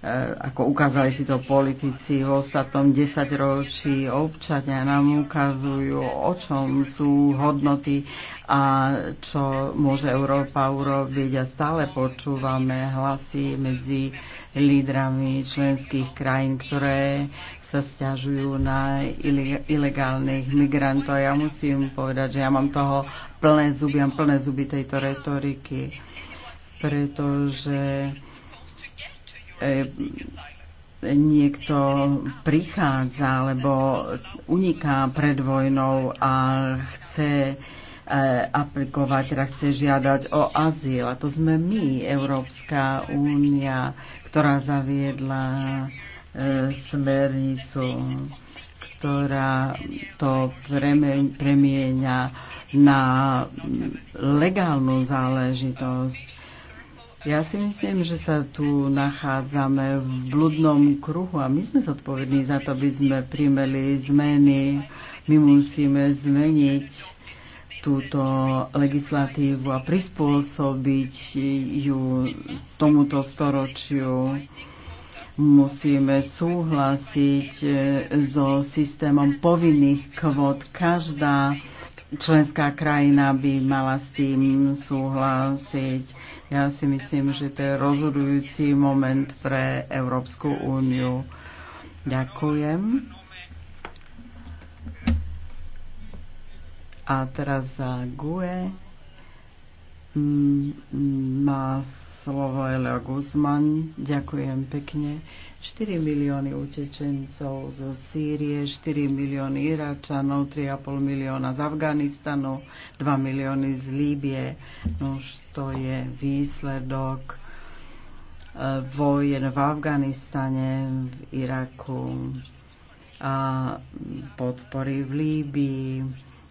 E, ako ukázali títo politici v ostatnom desaťročí, občania nám ukazujú, o čom sú hodnoty a čo môže Európa urobiť. A stále počúvame hlasy medzi lídrami členských krajín, ktoré sa stiažujú na ilegálnych migrantov. Ja musím povedať, že ja mám toho plné zuby, mám plné zuby tejto retoriky, pretože E, niekto prichádza alebo uniká pred vojnou a chce e, aplikovať, teda chce žiadať o azyl. A to sme my, Európska únia, ktorá zaviedla e, smernicu, ktorá to premieňa na legálnu záležitosť ja si myslím, že sa tu nachádzame v bludnom kruhu a my sme zodpovední za to, aby sme primeli zmeny. My musíme zmeniť túto legislatívu a prispôsobiť ju tomuto storočiu. Musíme súhlasiť so systémom povinných kvót. Každá členská krajina by mala s tým súhlasiť. Ja si myslím, že to je rozhodujúci moment pre Európsku úniu. Ďakujem. A teraz za GUE mm, mm, má slovo Eleo Guzman. Ďakujem pekne. 4 milióny utečencov zo Sýrie, 4 milióny Iračanov, 3,5 milióna z Afganistanu, 2 milióny z Líbie. Nož to je výsledok e, vojen v Afganistane, v Iraku a podpory v Líbii,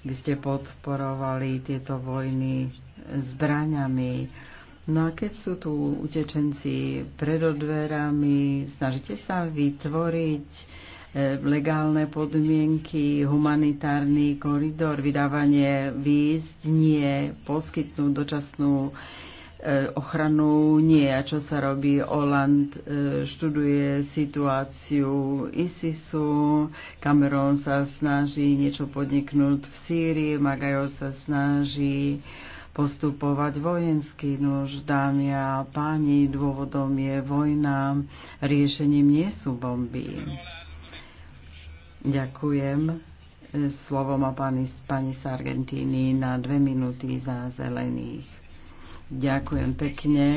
Vy ste podporovali tieto vojny zbraňami No a keď sú tu utečenci pred odverami, snažíte sa vytvoriť e, legálne podmienky, humanitárny koridor, vydávanie výzd nie, poskytnúť dočasnú e, ochranu nie. A čo sa robí? Oland e, študuje situáciu ISISu, Cameron sa snaží niečo podniknúť v Sýrii, Magajo sa snaží postupovať vojenský Nož, dámy a páni, dôvodom je vojna, riešením nie sú bomby. Ďakujem. Slovo má pani, pani z Argentíny na dve minúty za zelených. Ďakujem pekne.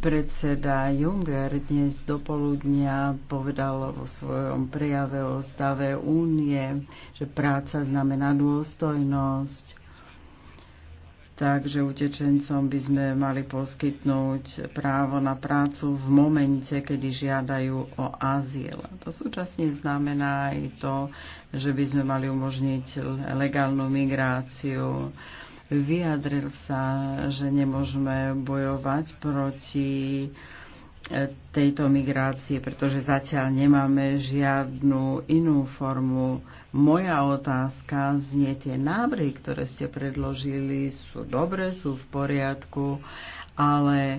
Predseda Junger dnes dopoludnia povedal vo svojom prejave o stave únie, že práca znamená dôstojnosť takže utečencom by sme mali poskytnúť právo na prácu v momente, kedy žiadajú o azyl. To súčasne znamená aj to, že by sme mali umožniť legálnu migráciu. Vyjadril sa, že nemôžeme bojovať proti tejto migrácie, pretože zatiaľ nemáme žiadnu inú formu. Moja otázka znie, tie návrhy, ktoré ste predložili, sú dobre, sú v poriadku, ale e,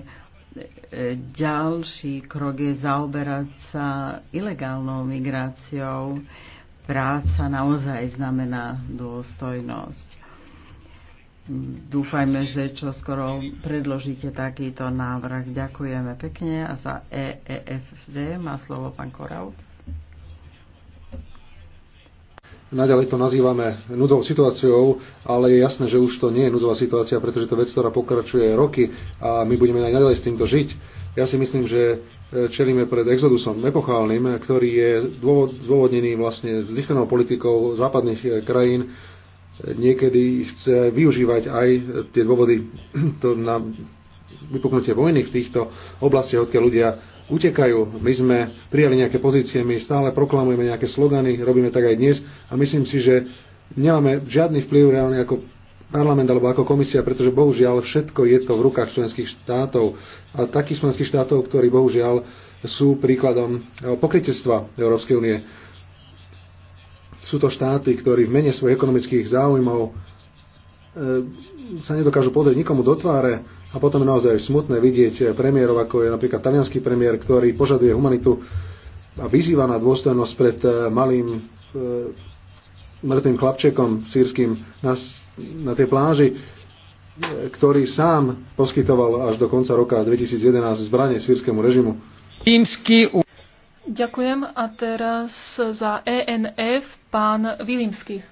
ďalší krok je zaoberať sa ilegálnou migráciou. Práca naozaj znamená dôstojnosť dúfajme, že čo skoro predložíte takýto návrh. Ďakujeme pekne a za EEFD má slovo pán Korau.
Naďalej to nazývame núdzovou situáciou, ale je jasné, že už to nie je núdzová situácia, pretože to vec, ktorá pokračuje roky a my budeme aj naďalej s týmto žiť. Ja si myslím, že e, čelíme pred exodusom epochálnym, ktorý je zdôvodnený vlastne zlychlenou politikou západných e, krajín, niekedy chce využívať aj tie dôvody to na vypuknutie vojny v týchto oblastiach, odkiaľ ľudia utekajú. My sme prijali nejaké pozície, my stále proklamujeme nejaké slogany, robíme tak aj dnes a myslím si, že nemáme žiadny vplyv reálne ako parlament alebo ako komisia, pretože bohužiaľ všetko je to v rukách členských štátov a takých členských štátov, ktorí bohužiaľ sú príkladom pokrytectva Európskej únie sú to štáty, ktorí v mene svojich ekonomických záujmov e, sa nedokážu pozrieť nikomu do tváre a potom je naozaj smutné vidieť premiérov, ako je napríklad talianský premiér, ktorý požaduje humanitu a vyzýva na dôstojnosť pred e, malým e, mŕtvým chlapčekom sírským na, na tej pláži, e, ktorý sám poskytoval až do konca roka 2011 zbranie sírskému režimu.
Pínsky...
Ďakujem a teraz za ENF pán Vilimsky.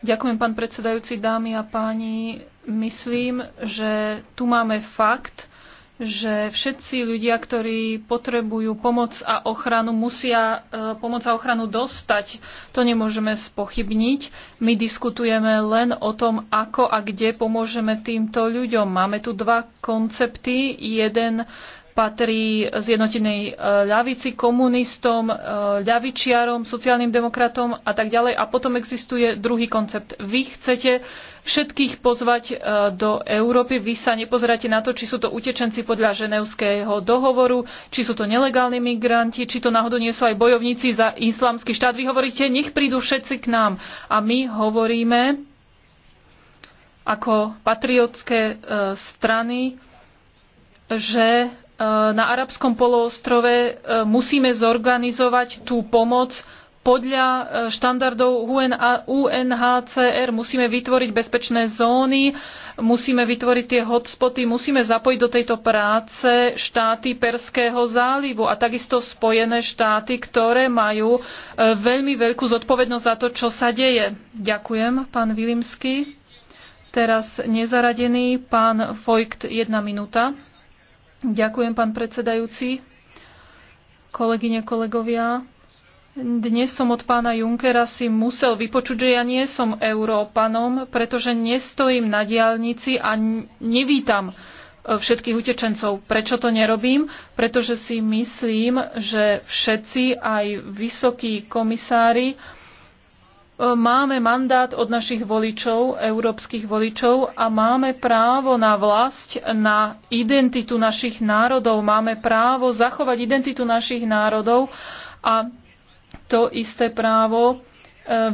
Ďakujem, pán predsedajúci, dámy a páni. Myslím, že tu máme fakt, že všetci ľudia, ktorí potrebujú pomoc a ochranu, musia e, pomoc a ochranu dostať. To nemôžeme spochybniť. My diskutujeme len o tom, ako a kde pomôžeme týmto ľuďom. Máme tu dva koncepty. Jeden patrí zjednotenej e, ľavici, komunistom, e, ľavičiarom, sociálnym demokratom a tak ďalej. A potom existuje druhý koncept. Vy chcete všetkých pozvať e, do Európy. Vy sa nepozeráte na to, či sú to utečenci podľa ženevského dohovoru, či sú to nelegálni migranti, či to náhodou nie sú aj bojovníci za islamský štát. Vy hovoríte, nech prídu všetci k nám. A my hovoríme ako patriotské strany, že Eh, na arabskom poloostrove eh, musíme zorganizovať tú pomoc podľa eh, štandardov UNHCR. Musíme vytvoriť bezpečné zóny, musíme vytvoriť tie hotspoty, musíme zapojiť do tejto práce štáty Perského zálivu a takisto Spojené štáty, ktoré majú veľmi veľkú zodpovednosť za to, čo sa deje. Ďakujem, pán Vilimsky. Teraz nezaradený pán Vojkt, jedna minúta. Ďakujem, pán predsedajúci. Kolegyne, kolegovia, dnes som od pána Junkera si musel vypočuť, že ja nie som Európanom, pretože nestojím na diálnici a nevítam e, všetkých utečencov. Prečo to nerobím? Pretože si myslím, že všetci, aj vysokí komisári, E, máme mandát od našich voličov, európskych voličov a máme právo na vlast, na identitu našich národov. Máme právo zachovať identitu našich národov a to isté právo e,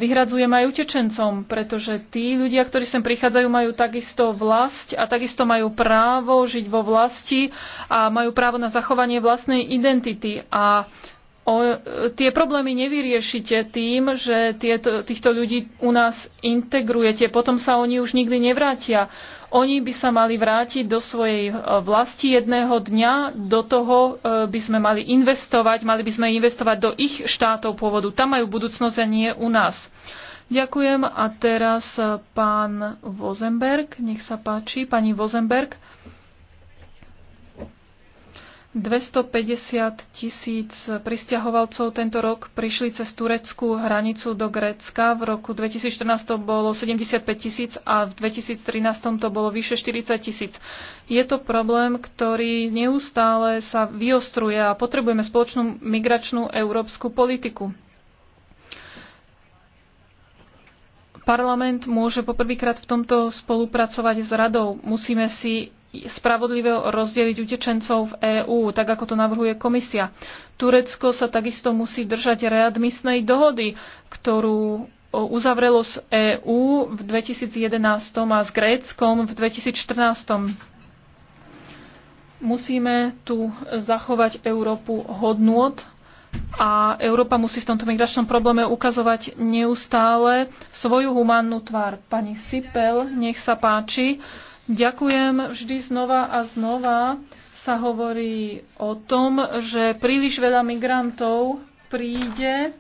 vyhradzujem aj utečencom, pretože tí ľudia, ktorí sem prichádzajú, majú takisto vlast a takisto majú právo žiť vo vlasti a majú právo na zachovanie vlastnej identity. A O, e, tie problémy nevyriešite tým, že tieto, týchto ľudí u nás integrujete. Potom sa oni už nikdy nevrátia. Oni by sa mali vrátiť do svojej e, vlasti jedného dňa. Do toho e, by sme mali investovať. Mali by sme investovať do ich štátov pôvodu. Tam majú budúcnosť a nie u nás. Ďakujem. A teraz pán Vozenberg. Nech sa páči. Pani Vozenberg. 250 tisíc pristahovalcov tento rok prišli cez tureckú hranicu do Grécka. V roku 2014 to bolo 75 tisíc a v 2013 to bolo vyše 40 tisíc. Je to problém, ktorý neustále sa vyostruje a potrebujeme spoločnú migračnú európsku politiku. Parlament môže poprvýkrát v tomto spolupracovať s radou. Musíme si spravodlivo rozdeliť utečencov v EÚ, tak ako to navrhuje komisia. Turecko sa takisto musí držať readmisnej dohody, ktorú uzavrelo s EÚ v 2011 a s Gréckom v 2014. Musíme tu zachovať Európu hodnôt a Európa musí v tomto migračnom probléme ukazovať neustále svoju humánnu tvár. Pani Sipel, nech sa páči. Ďakujem vždy znova a znova sa hovorí o tom, že príliš veľa migrantov príde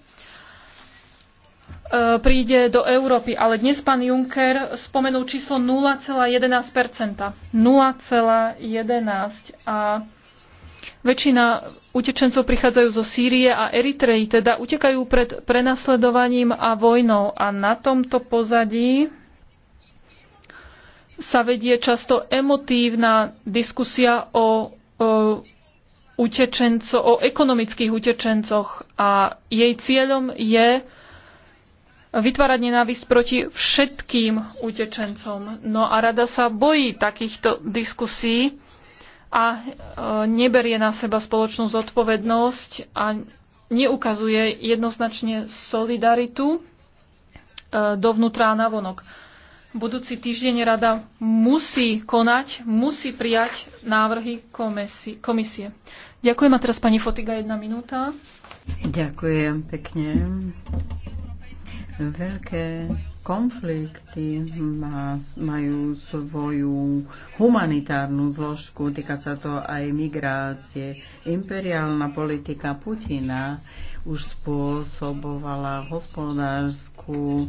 e, príde do Európy. Ale dnes pán Juncker spomenul číslo 0,11%. 0,11%. A väčšina utečencov prichádzajú zo Sýrie a Eritreji, teda utekajú pred prenasledovaním a vojnou. A na tomto pozadí sa vedie často emotívna diskusia o, o utečenco, o ekonomických utečencoch a jej cieľom je vytvárať nenávisť proti všetkým utečencom. No a rada sa bojí takýchto diskusí a e, neberie na seba spoločnú zodpovednosť a neukazuje jednoznačne solidaritu e, dovnútra a navonok. E, budúci týždeň rada musí konať, musí prijať návrhy komisie. Ďakujem a teraz pani Fotiga jedna minúta.
Ďakujem pekne. Veľké konflikty má, majú svoju humanitárnu zložku, týka sa to aj migrácie. Imperiálna politika Putina už spôsobovala hospodárskú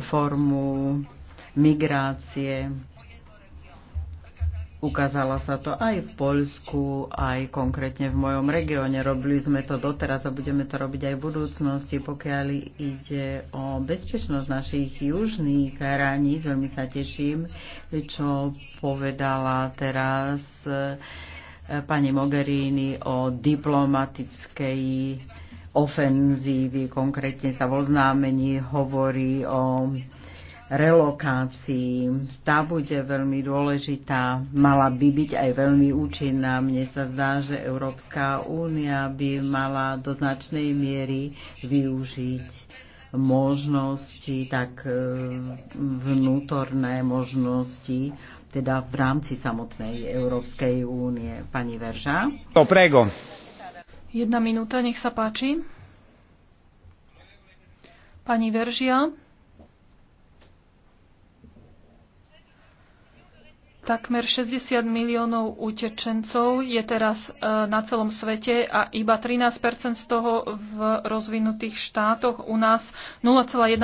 formu migrácie. Ukázala sa to aj v Poľsku, aj konkrétne v mojom regióne. Robili sme to doteraz a budeme to robiť aj v budúcnosti, pokiaľ ide o bezpečnosť našich južných hraníc. Veľmi sa teším, čo povedala teraz eh, pani Mogherini o diplomatickej ofenzívy. Konkrétne sa vo známení hovorí o relokácii. Tá bude veľmi dôležitá, mala by byť aj veľmi účinná. Mne sa zdá, že Európska únia by mala do značnej miery využiť možnosti, tak e, vnútorné možnosti, teda v rámci samotnej Európskej únie. Pani Verža? To prego.
Jedna minúta, nech sa páči. Pani Veržia. Takmer 60 miliónov utečencov je teraz e, na celom svete a iba 13 z toho v rozvinutých štátoch. U nás 0,1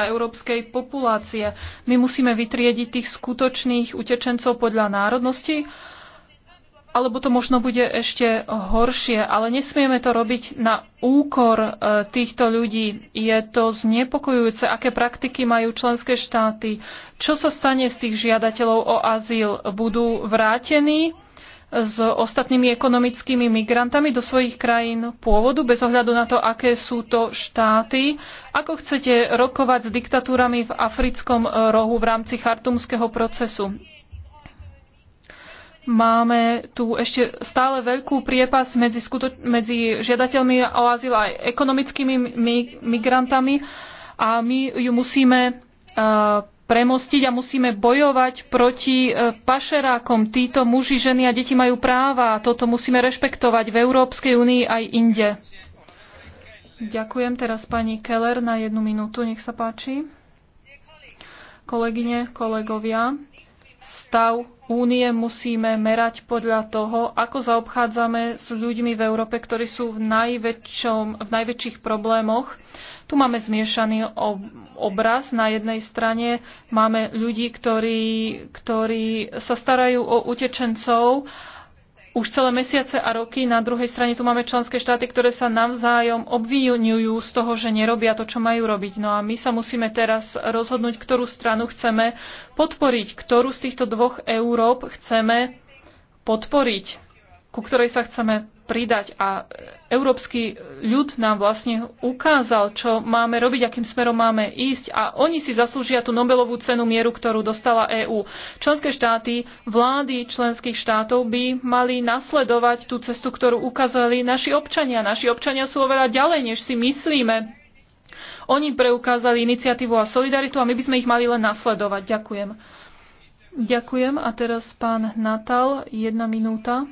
európskej populácie. My musíme vytriediť tých skutočných utečencov podľa národnosti alebo to možno bude ešte horšie, ale nesmieme to robiť na úkor e, týchto ľudí. Je to znepokojujúce, aké praktiky majú členské štáty. Čo sa stane z tých žiadateľov o azyl? Budú vrátení e, s ostatnými ekonomickými migrantami do svojich krajín pôvodu, bez ohľadu na to, aké sú to štáty. Ako chcete rokovať s diktatúrami v africkom rohu v rámci chartumského procesu? Máme tu ešte stále veľkú priepas medzi, skuto- medzi žiadateľmi o azyl a ekonomickými mi- migrantami a my ju musíme uh, premostiť a musíme bojovať proti uh, pašerákom. Títo muži, ženy a deti majú práva a toto musíme rešpektovať v Európskej únii aj inde. Ďakujem teraz pani Keller na jednu minútu, nech sa páči. Kolegyne, kolegovia, stav únie musíme merať podľa toho, ako zaobchádzame s ľuďmi v Európe, ktorí sú v, najväčšom, v najväčších problémoch. Tu máme zmiešaný obraz. Na jednej strane máme ľudí, ktorí, ktorí sa starajú o utečencov, už celé mesiace a roky. Na druhej strane tu máme členské štáty, ktoré sa navzájom obvinujú z toho, že nerobia to, čo majú robiť. No a my sa musíme teraz rozhodnúť, ktorú stranu chceme podporiť, ktorú z týchto dvoch Európ chceme podporiť, ku ktorej sa chceme pridať. A európsky ľud nám vlastne ukázal, čo máme robiť, akým smerom máme ísť. A oni si zaslúžia tú Nobelovú cenu mieru, ktorú dostala EÚ. Členské štáty, vlády členských štátov by mali nasledovať tú cestu, ktorú ukázali naši občania. Naši občania sú oveľa ďalej, než si myslíme. Oni preukázali iniciatívu a solidaritu a my by sme ich mali len nasledovať. Ďakujem. Ďakujem. A teraz pán Natal, jedna minúta.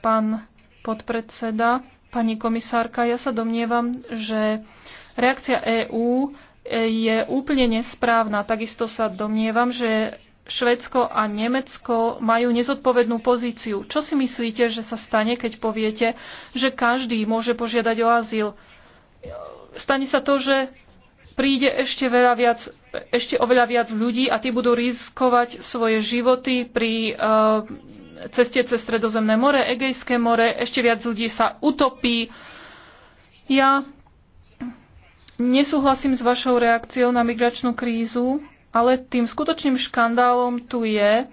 Pán podpredseda, pani komisárka. Ja sa domnievam, že reakcia EÚ e, je úplne nesprávna. Takisto sa domnievam, že Švedsko a Nemecko majú nezodpovednú pozíciu. Čo si myslíte, že sa stane, keď poviete, že každý môže požiadať o azyl? Stane sa to, že príde ešte, veľa viac, ešte oveľa viac ľudí a tí budú riskovať svoje životy pri uh, ceste cez Stredozemné more, Egejské more, ešte viac ľudí sa utopí. Ja nesúhlasím s vašou reakciou na migračnú krízu, ale tým skutočným škandálom tu je,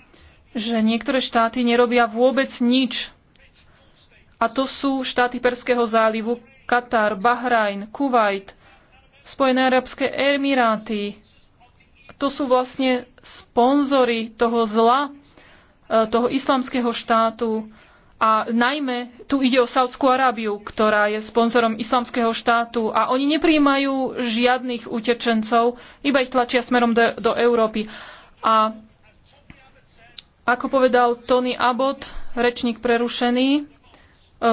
že niektoré štáty nerobia vôbec nič. A to sú štáty Perského zálivu, Katar, Bahrajn, Kuwait, Spojené arabské Emiráty. To sú vlastne sponzory toho zla, E, toho islamského štátu a najmä tu ide o Saudskú Arábiu, ktorá je sponzorom islamského štátu a oni neprijímajú žiadnych utečencov, iba ich tlačia smerom do, do Európy. A ako povedal Tony Abbott, rečník prerušený, e,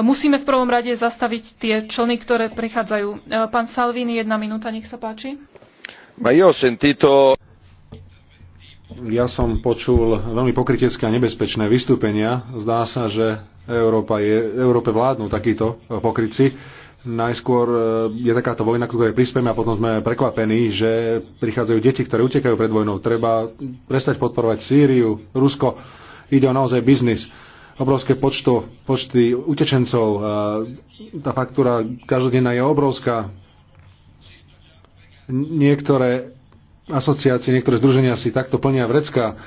musíme v prvom rade zastaviť tie člny, ktoré prichádzajú. E, pán Salvini, jedna minúta, nech sa páči.
Ma io ho sentito ja som počul veľmi pokrytecké a nebezpečné vystúpenia. Zdá sa, že Európa je, Európe vládnu takíto e, pokryci. Najskôr e, je takáto vojna, ku ktorej prispieme a potom sme prekvapení, že prichádzajú deti, ktoré utekajú pred vojnou. Treba prestať podporovať Sýriu, Rusko. Ide o naozaj biznis obrovské počto, počty utečencov. E, tá faktúra každodenná je obrovská. Niektoré asociácie, niektoré združenia si takto plnia vrecka.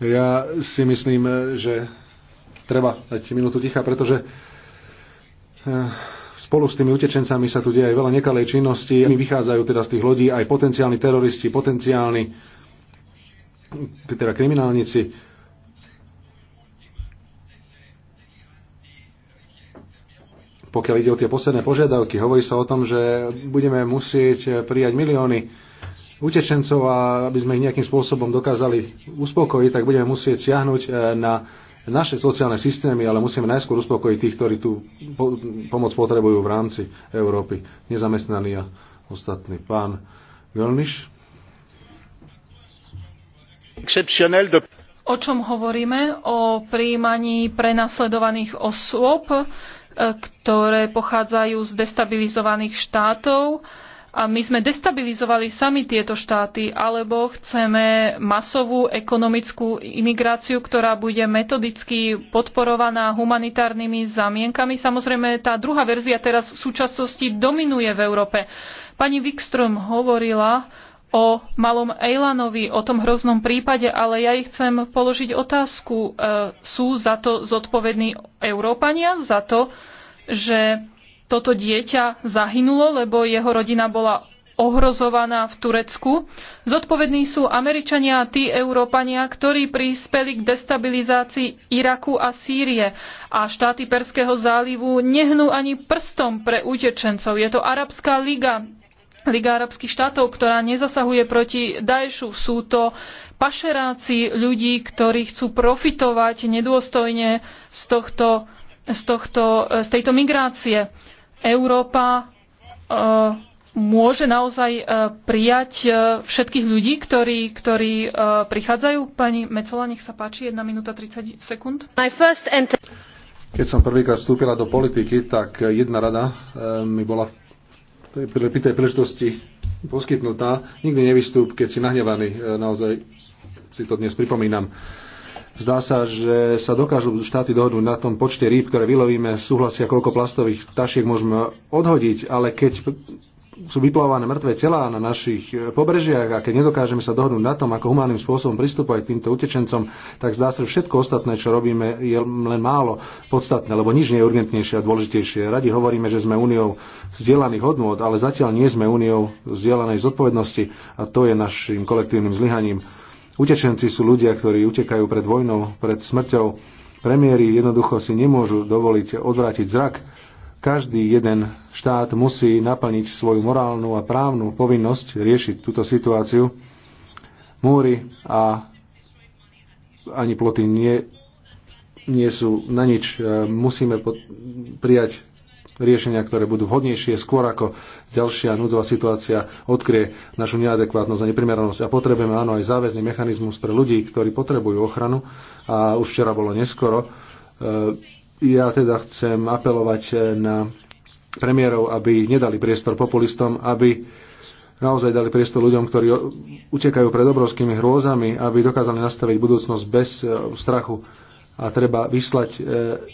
Ja si myslím, že treba dať minútu ticha, pretože eh, spolu s tými utečencami sa tu deje aj veľa nekalej činnosti. Oni vychádzajú teda z tých lodí aj potenciálni teroristi, potenciálni teda kriminálnici. Pokiaľ ide o tie posledné požiadavky, hovorí sa o tom, že budeme musieť prijať milióny utečencov a aby sme ich nejakým spôsobom dokázali uspokojiť, tak budeme musieť siahnuť e, na naše sociálne systémy, ale musíme najskôr uspokojiť tých, ktorí tú pomoc potrebujú v rámci Európy, nezamestnaní a ostatní. Pán Gölniš.
O čom hovoríme? O príjmaní prenasledovaných osôb, e, ktoré pochádzajú z destabilizovaných štátov a my sme destabilizovali sami tieto štáty, alebo chceme masovú ekonomickú imigráciu, ktorá bude metodicky podporovaná humanitárnymi zamienkami. Samozrejme, tá druhá verzia teraz v súčasnosti dominuje v Európe. Pani Wikström hovorila o malom Ejlanovi, o tom hroznom prípade, ale ja ich chcem položiť otázku. E, sú za to zodpovední Európania, za to, že toto dieťa zahynulo, lebo jeho rodina bola ohrozovaná v Turecku. Zodpovední sú Američania a tí Európania, ktorí prispeli k destabilizácii Iraku a Sýrie. A štáty Perského zálivu nehnú ani prstom pre utečencov. Je to Arabská liga, Liga arabských štátov, ktorá nezasahuje proti Daešu. Sú to pašeráci ľudí, ktorí chcú profitovať nedôstojne z, tohto, z, tohto, z tejto migrácie. Európa e, môže naozaj e, prijať e, všetkých ľudí, ktorí, ktorí prichádzajú? Pani Mecola, nech sa páči, 1 minúta 30 sekúnd.
Keď som prvýkrát vstúpila do politiky, tak jedna rada mi bola pri tej príležitosti poskytnutá. Nikdy nevystúp, keď si nahnevaný. Naozaj si to dnes pripomínam Zdá sa, že sa dokážu štáty dohodnúť na tom počte rýb, ktoré vylovíme, súhlasia, koľko plastových tašiek môžeme odhodiť, ale keď sú vyplávané mŕtve telá na našich eh, pobrežiach a keď nedokážeme sa dohodnúť na tom, ako humánnym spôsobom pristupovať k týmto utečencom, tak zdá sa, že všetko ostatné, čo robíme, je len málo podstatné, lebo nič nie je urgentnejšie a dôležitejšie. Radi hovoríme, že sme úniou vzdielaných hodnôt, ale zatiaľ nie sme úniou vzdielanej zodpovednosti a to je našim kolektívnym zlyhaním. Utečenci sú ľudia, ktorí utekajú pred vojnou, pred smrťou. Premiéry jednoducho si nemôžu dovoliť odvrátiť zrak. Každý jeden štát musí naplniť svoju morálnu a právnu povinnosť riešiť túto situáciu. Múry a ani ploty nie, nie sú na nič. Musíme prijať riešenia, ktoré budú vhodnejšie skôr ako ďalšia núdzová situácia odkrie našu neadekvátnosť a neprimeranosť. A potrebujeme áno aj záväzný mechanizmus pre ľudí, ktorí potrebujú ochranu a už včera bolo neskoro. E, ja teda chcem apelovať na premiérov, aby nedali priestor populistom, aby naozaj dali priestor ľuďom, ktorí utekajú pred obrovskými hrôzami, aby dokázali nastaviť budúcnosť bez e, strachu a treba vyslať e,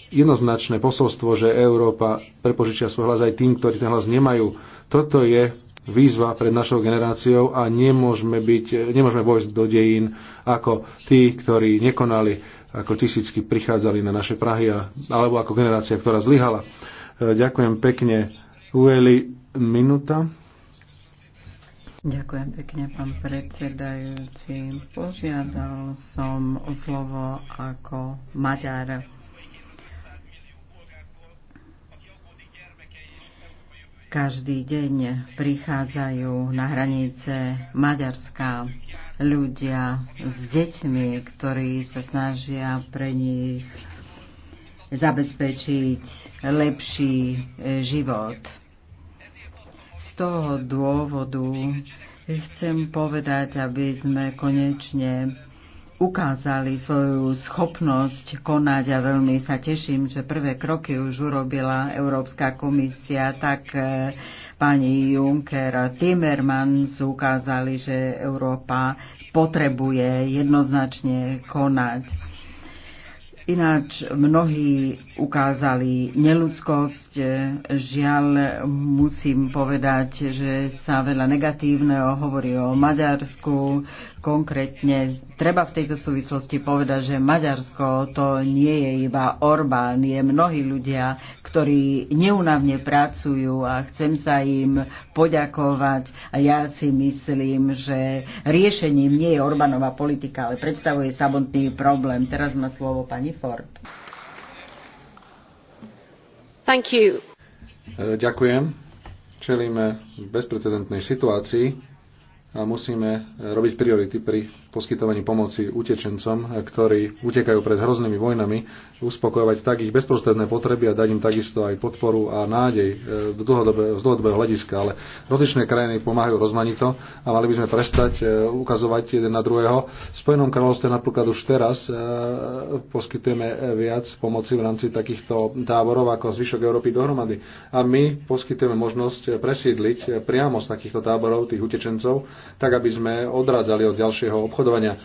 jednoznačné posolstvo, že Európa prepožičia svoj hlas aj tým, ktorí ten hlas nemajú. Toto je výzva pred našou generáciou a nemôžeme, byť, e, nemôžeme vojsť do dejín ako tí, ktorí nekonali, ako tisícky prichádzali na naše Prahy, a alebo ako generácia, ktorá zlyhala. E, ďakujem pekne. Ueli, minúta.
Ďakujem pekne, pán predsedajúci. Požiadal som o slovo ako Maďar. Každý deň prichádzajú na hranice Maďarska ľudia s deťmi, ktorí sa snažia pre nich zabezpečiť lepší život toho dôvodu chcem povedať, aby sme konečne ukázali svoju schopnosť konať a veľmi sa teším, že prvé kroky už urobila Európska komisia, tak eh, pani Juncker a Timmermans ukázali, že Európa potrebuje jednoznačne konať. Ináč mnohí ukázali neludskosť. Žiaľ, musím povedať, že sa veľa negatívneho hovorí o Maďarsku. Konkrétne treba v tejto súvislosti povedať, že Maďarsko to nie je iba Orbán, je mnohí ľudia, ktorí neunavne pracujú a chcem sa im poďakovať. A ja si myslím, že riešením nie je Orbánova politika, ale predstavuje samotný problém. Teraz má slovo pani Ford.
Thank you.
E, ďakujem. Čelíme bezprecedentnej situácii a musíme e, robiť priority pri poskytovaní pomoci utečencom, ktorí utekajú pred hroznými vojnami, uspokojovať tak ich bezprostredné potreby a dať im takisto aj podporu a nádej e, z dlhodobého, dlhodobého hľadiska. Ale rozličné krajiny pomáhajú rozmanito a mali by sme prestať e, ukazovať jeden na druhého. V Spojenom kráľovstve napríklad už teraz e, poskytujeme viac pomoci v rámci takýchto táborov ako zvyšok Európy dohromady. A my poskytujeme možnosť presídliť priamo z takýchto táborov tých utečencov, tak aby sme odrádzali od ďalšieho obchodu obchodovania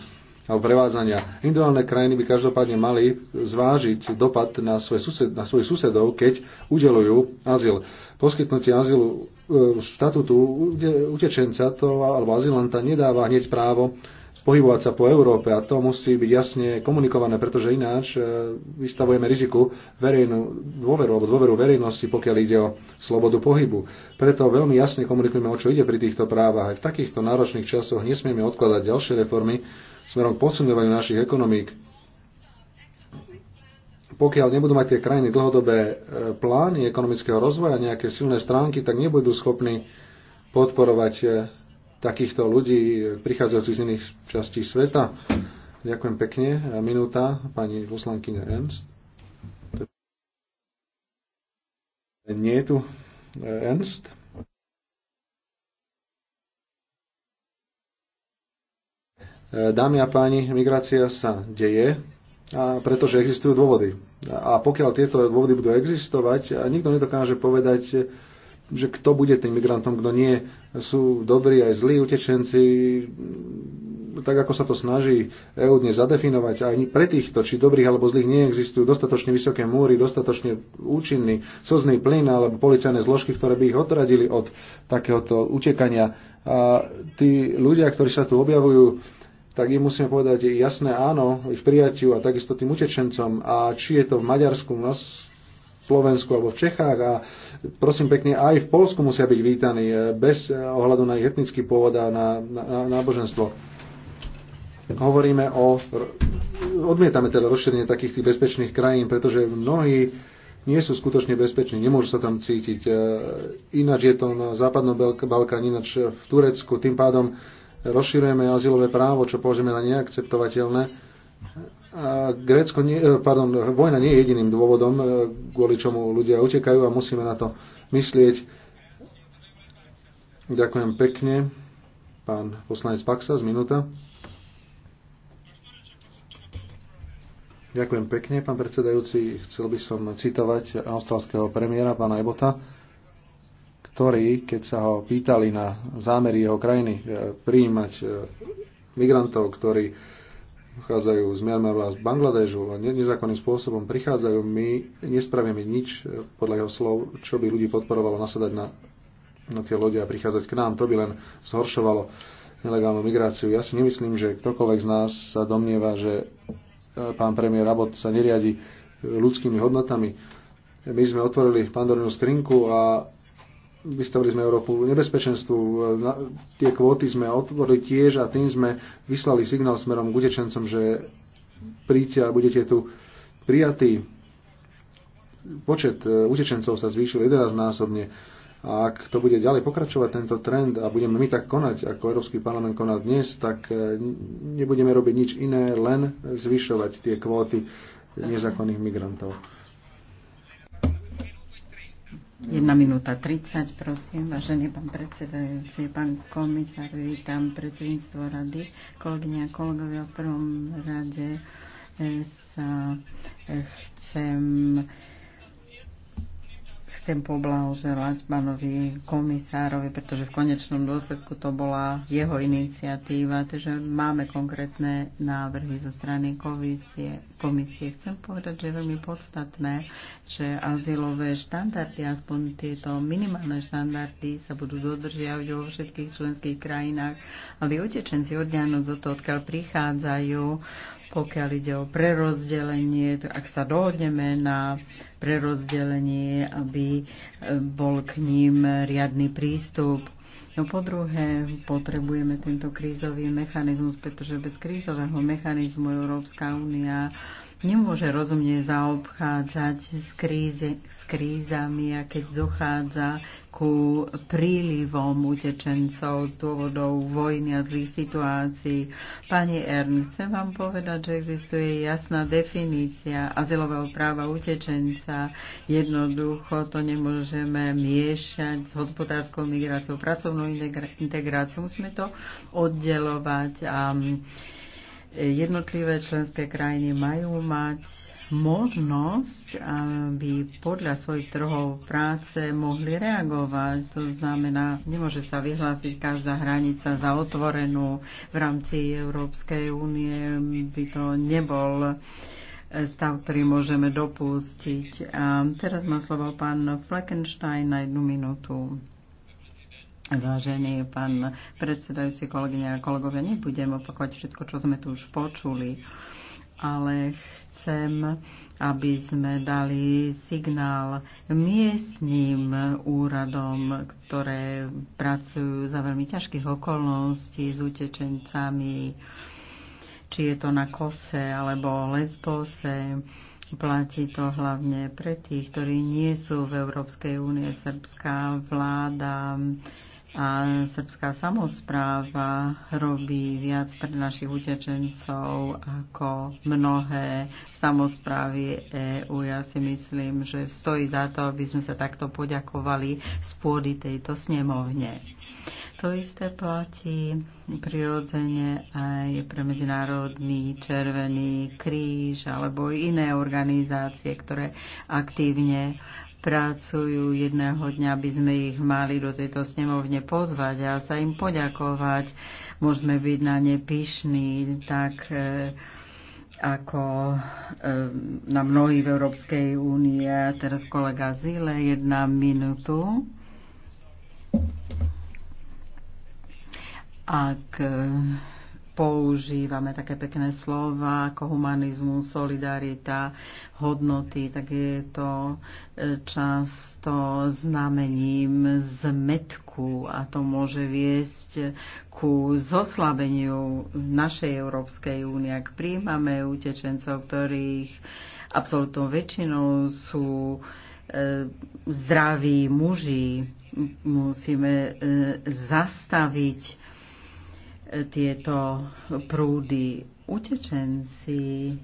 alebo prevádzania. Individuálne krajiny by každopádne mali zvážiť dopad na, svoje sused, na svojich susedov, keď udelujú azyl. Poskytnutie azylu e, štatútu utečenca to, alebo azylanta nedáva hneď právo pohybovať sa po Európe a to musí byť jasne komunikované, pretože ináč e, vystavujeme riziku verejnú dôveru alebo dôveru verejnosti, pokiaľ ide o slobodu pohybu. Preto veľmi jasne komunikujeme, o čo ide pri týchto právach. Aj v takýchto náročných časoch nesmieme odkladať ďalšie reformy smerom k posilňovaniu našich ekonomík. Pokiaľ nebudú mať tie krajiny dlhodobé e, plány ekonomického rozvoja, nejaké silné stránky, tak nebudú schopní podporovať e, takýchto ľudí prichádzajúcich z iných častí sveta. Ďakujem pekne. Minúta, pani poslankyňa Ernst. Nie je tu e, Ernst. E, dámy a páni, migrácia sa deje, a pretože existujú dôvody. A pokiaľ tieto dôvody budú existovať, nikto nedokáže povedať, že kto bude tým migrantom, kto nie. Sú dobrí aj zlí utečenci, tak ako sa to snaží EU dnes zadefinovať. Aj pre týchto, či dobrých alebo zlých, neexistujú dostatočne vysoké múry, dostatočne účinný slzný plyn alebo policajné zložky, ktoré by ich odradili od takéhoto utekania. A tí ľudia, ktorí sa tu objavujú, tak im musíme povedať jasné áno ich prijatiu a takisto tým utečencom. A či je to v Maďarsku, Slovensku alebo v Čechách a prosím pekne aj v Polsku musia byť vítaní e, bez e, ohľadu na ich etnický pôvod a na, na, na náboženstvo. Hovoríme o... Odmietame teda rozšírenie takých tých bezpečných krajín, pretože mnohí nie sú skutočne bezpeční, nemôžu sa tam cítiť. E, ináč je to na západnom Balkán, ináč v Turecku. Tým pádom rozširujeme azylové právo, čo považujeme na neakceptovateľné Grécko nie, e, pardon, vojna nie je jediným dôvodom, e, kvôli čomu ľudia utekajú a musíme na to myslieť. Ďakujem pekne. Pán poslanec Paxa z minúta. Ďakujem pekne, pán predsedajúci. Chcel by som citovať australského premiéra, pána Ebota, ktorý, keď sa ho pýtali na zámery jeho krajiny e, prijímať migrantov, ktorí pochádzajú z Mianmaru a z Bangladežu a nezákonným spôsobom prichádzajú, my nespravíme nič, e, podľa jeho slov, čo by ľudí podporovalo nasadať na, na tie lode a prichádzať k nám. To by len zhoršovalo nelegálnu migráciu. Ja si nemyslím, že ktokoľvek z nás sa domnieva, že e, pán premiér Rabot sa neriadi e, ľudskými hodnotami. My sme otvorili pandorinu skrinku a vystavili sme Európu nebezpečenstvu. Tie kvóty sme otvorili tiež a tým sme vyslali signál smerom k utečencom, že príďte a budete tu prijatí. Počet e, utečencov sa zvýšil 11 násobne. A ak to bude ďalej pokračovať tento trend a budeme my tak konať, ako Európsky parlament koná dnes, tak e, nebudeme robiť nič iné, len zvyšovať tie kvóty nezákonných migrantov.
Jedna minúta 30, prosím, vážený pán predsedajúci, pán komisár, vítam predsedníctvo rady, kolegyne a kolegovia v prvom rade eh, sa eh, chcem Chcem poblahoželať pánovi komisárovi, pretože v konečnom dôsledku to bola jeho iniciatíva, takže máme konkrétne návrhy zo strany komisie. komisie. Chcem povedať, že je veľmi podstatné, že azylové štandardy, aspoň tieto minimálne štandardy sa budú dodržiavať vo všetkých členských krajinách, aby utečenci od odňanúc od toho, odkiaľ prichádzajú, pokiaľ ide o prerozdelenie, ak sa dohodneme na prerozdelenie, aby e, bol k ním riadny prístup. No po druhé, potrebujeme tento krízový mechanizmus, pretože bez krízového mechanizmu Európska únia nemôže rozumne zaobchádzať s, kríze, s krízami a keď dochádza ku prílivom utečencov z dôvodov vojny a zlých situácií. Pani Ern, chcem vám povedať, že existuje jasná definícia azylového práva utečenca. Jednoducho to nemôžeme miešať s hospodárskou migráciou, pracovnou integráciou. Musíme to oddelovať a Jednotlivé členské krajiny majú mať možnosť, aby podľa svojich trhov práce mohli reagovať. To znamená, nemôže sa vyhlásiť každá hranica za otvorenú v rámci Európskej únie. By to nebol stav, ktorý môžeme dopustiť. A teraz má slovo pán Fleckenstein na jednu minútu. Vážený pán predsedajúci, kolegyne a kolegovia, nebudem opakovať všetko, čo sme tu už počuli, ale chcem, aby sme dali signál miestným úradom, ktoré pracujú za veľmi ťažkých okolností s utečencami, či je to na Kose alebo Lesbose. Platí to hlavne pre tých, ktorí nie sú v Európskej únie. Srbská vláda a srbská samozpráva robí viac pre našich utečencov ako mnohé samozprávy EU, Ja si myslím, že stojí za to, aby sme sa takto poďakovali z pôdy tejto snemovne. To isté platí prirodzene aj pre Medzinárodný Červený kríž alebo iné organizácie, ktoré aktívne pracujú jedného dňa, aby sme ich mali do tejto snemovne pozvať a sa im poďakovať. Môžeme byť na ne pyšní, tak e, ako e, na mnohí v Európskej únie. Teraz kolega Zile, jedna minútu. Ak e, používame také pekné slova ako humanizmus, solidarita, hodnoty, tak je to e, často znamením zmetku a to môže viesť ku zoslabeniu našej Európskej únie. Ak príjmame utečencov, ktorých absolútnou väčšinou sú e, zdraví muži, musíme e, zastaviť tieto prúdy. Utečenci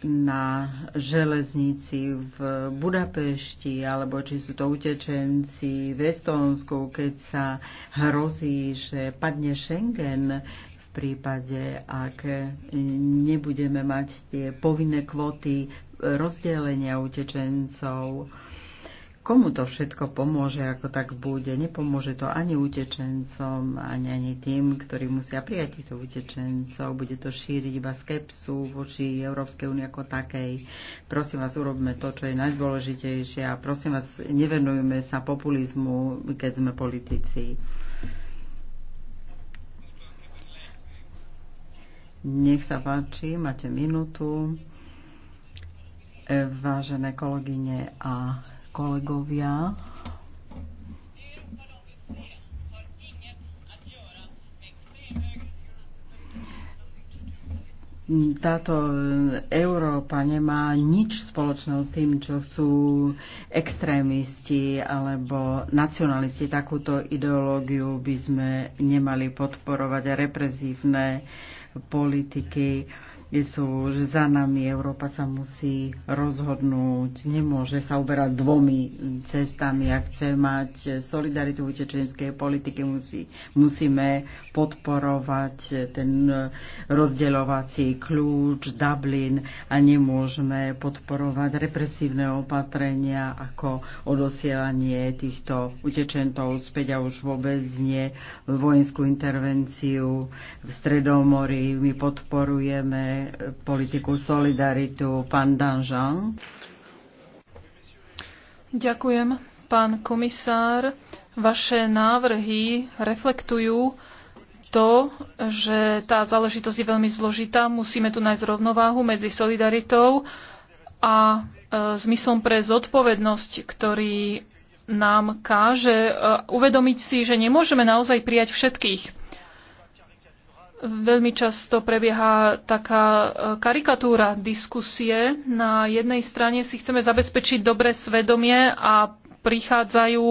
na železnici v Budapešti, alebo či sú to utečenci v Estónsku, keď sa hrozí, že padne Schengen v prípade, ak nebudeme mať tie povinné kvoty rozdelenia utečencov. Komu to všetko pomôže, ako tak bude? Nepomôže to ani utečencom, ani, ani tým, ktorí musia prijať týchto utečencov. Bude to šíriť iba skepsu voči Európskej únie ako takej. Prosím vás, urobme to, čo je najdôležitejšie a prosím vás, nevenujme sa populizmu, keď sme politici. Nech sa páči, máte minútu. Vážené kolegyne a kolegovia. táto Európa nemá nič spoločného s tým, čo chcú extrémisti alebo nacionalisti. Takúto ideológiu by sme nemali podporovať a represívne politiky sú že za nami. Európa sa musí rozhodnúť. Nemôže sa uberať dvomi cestami. Ak chce mať solidaritu v utečenskej politike, musí, musíme podporovať ten rozdeľovací kľúč Dublin a nemôžeme podporovať represívne opatrenia ako odosielanie týchto utečentov späť a už vôbec nie vojenskú intervenciu v Stredomorí. My podporujeme politiku Solidaritu, pán Danžan.
Ďakujem, pán komisár. Vaše návrhy reflektujú to, že tá záležitosť je veľmi zložitá. Musíme tu nájsť rovnováhu medzi solidaritou a e, zmyslom pre zodpovednosť, ktorý nám káže e, uvedomiť si, že nemôžeme naozaj prijať všetkých. Veľmi často prebieha taká e, karikatúra diskusie. Na jednej strane si chceme zabezpečiť dobré svedomie a prichádzajú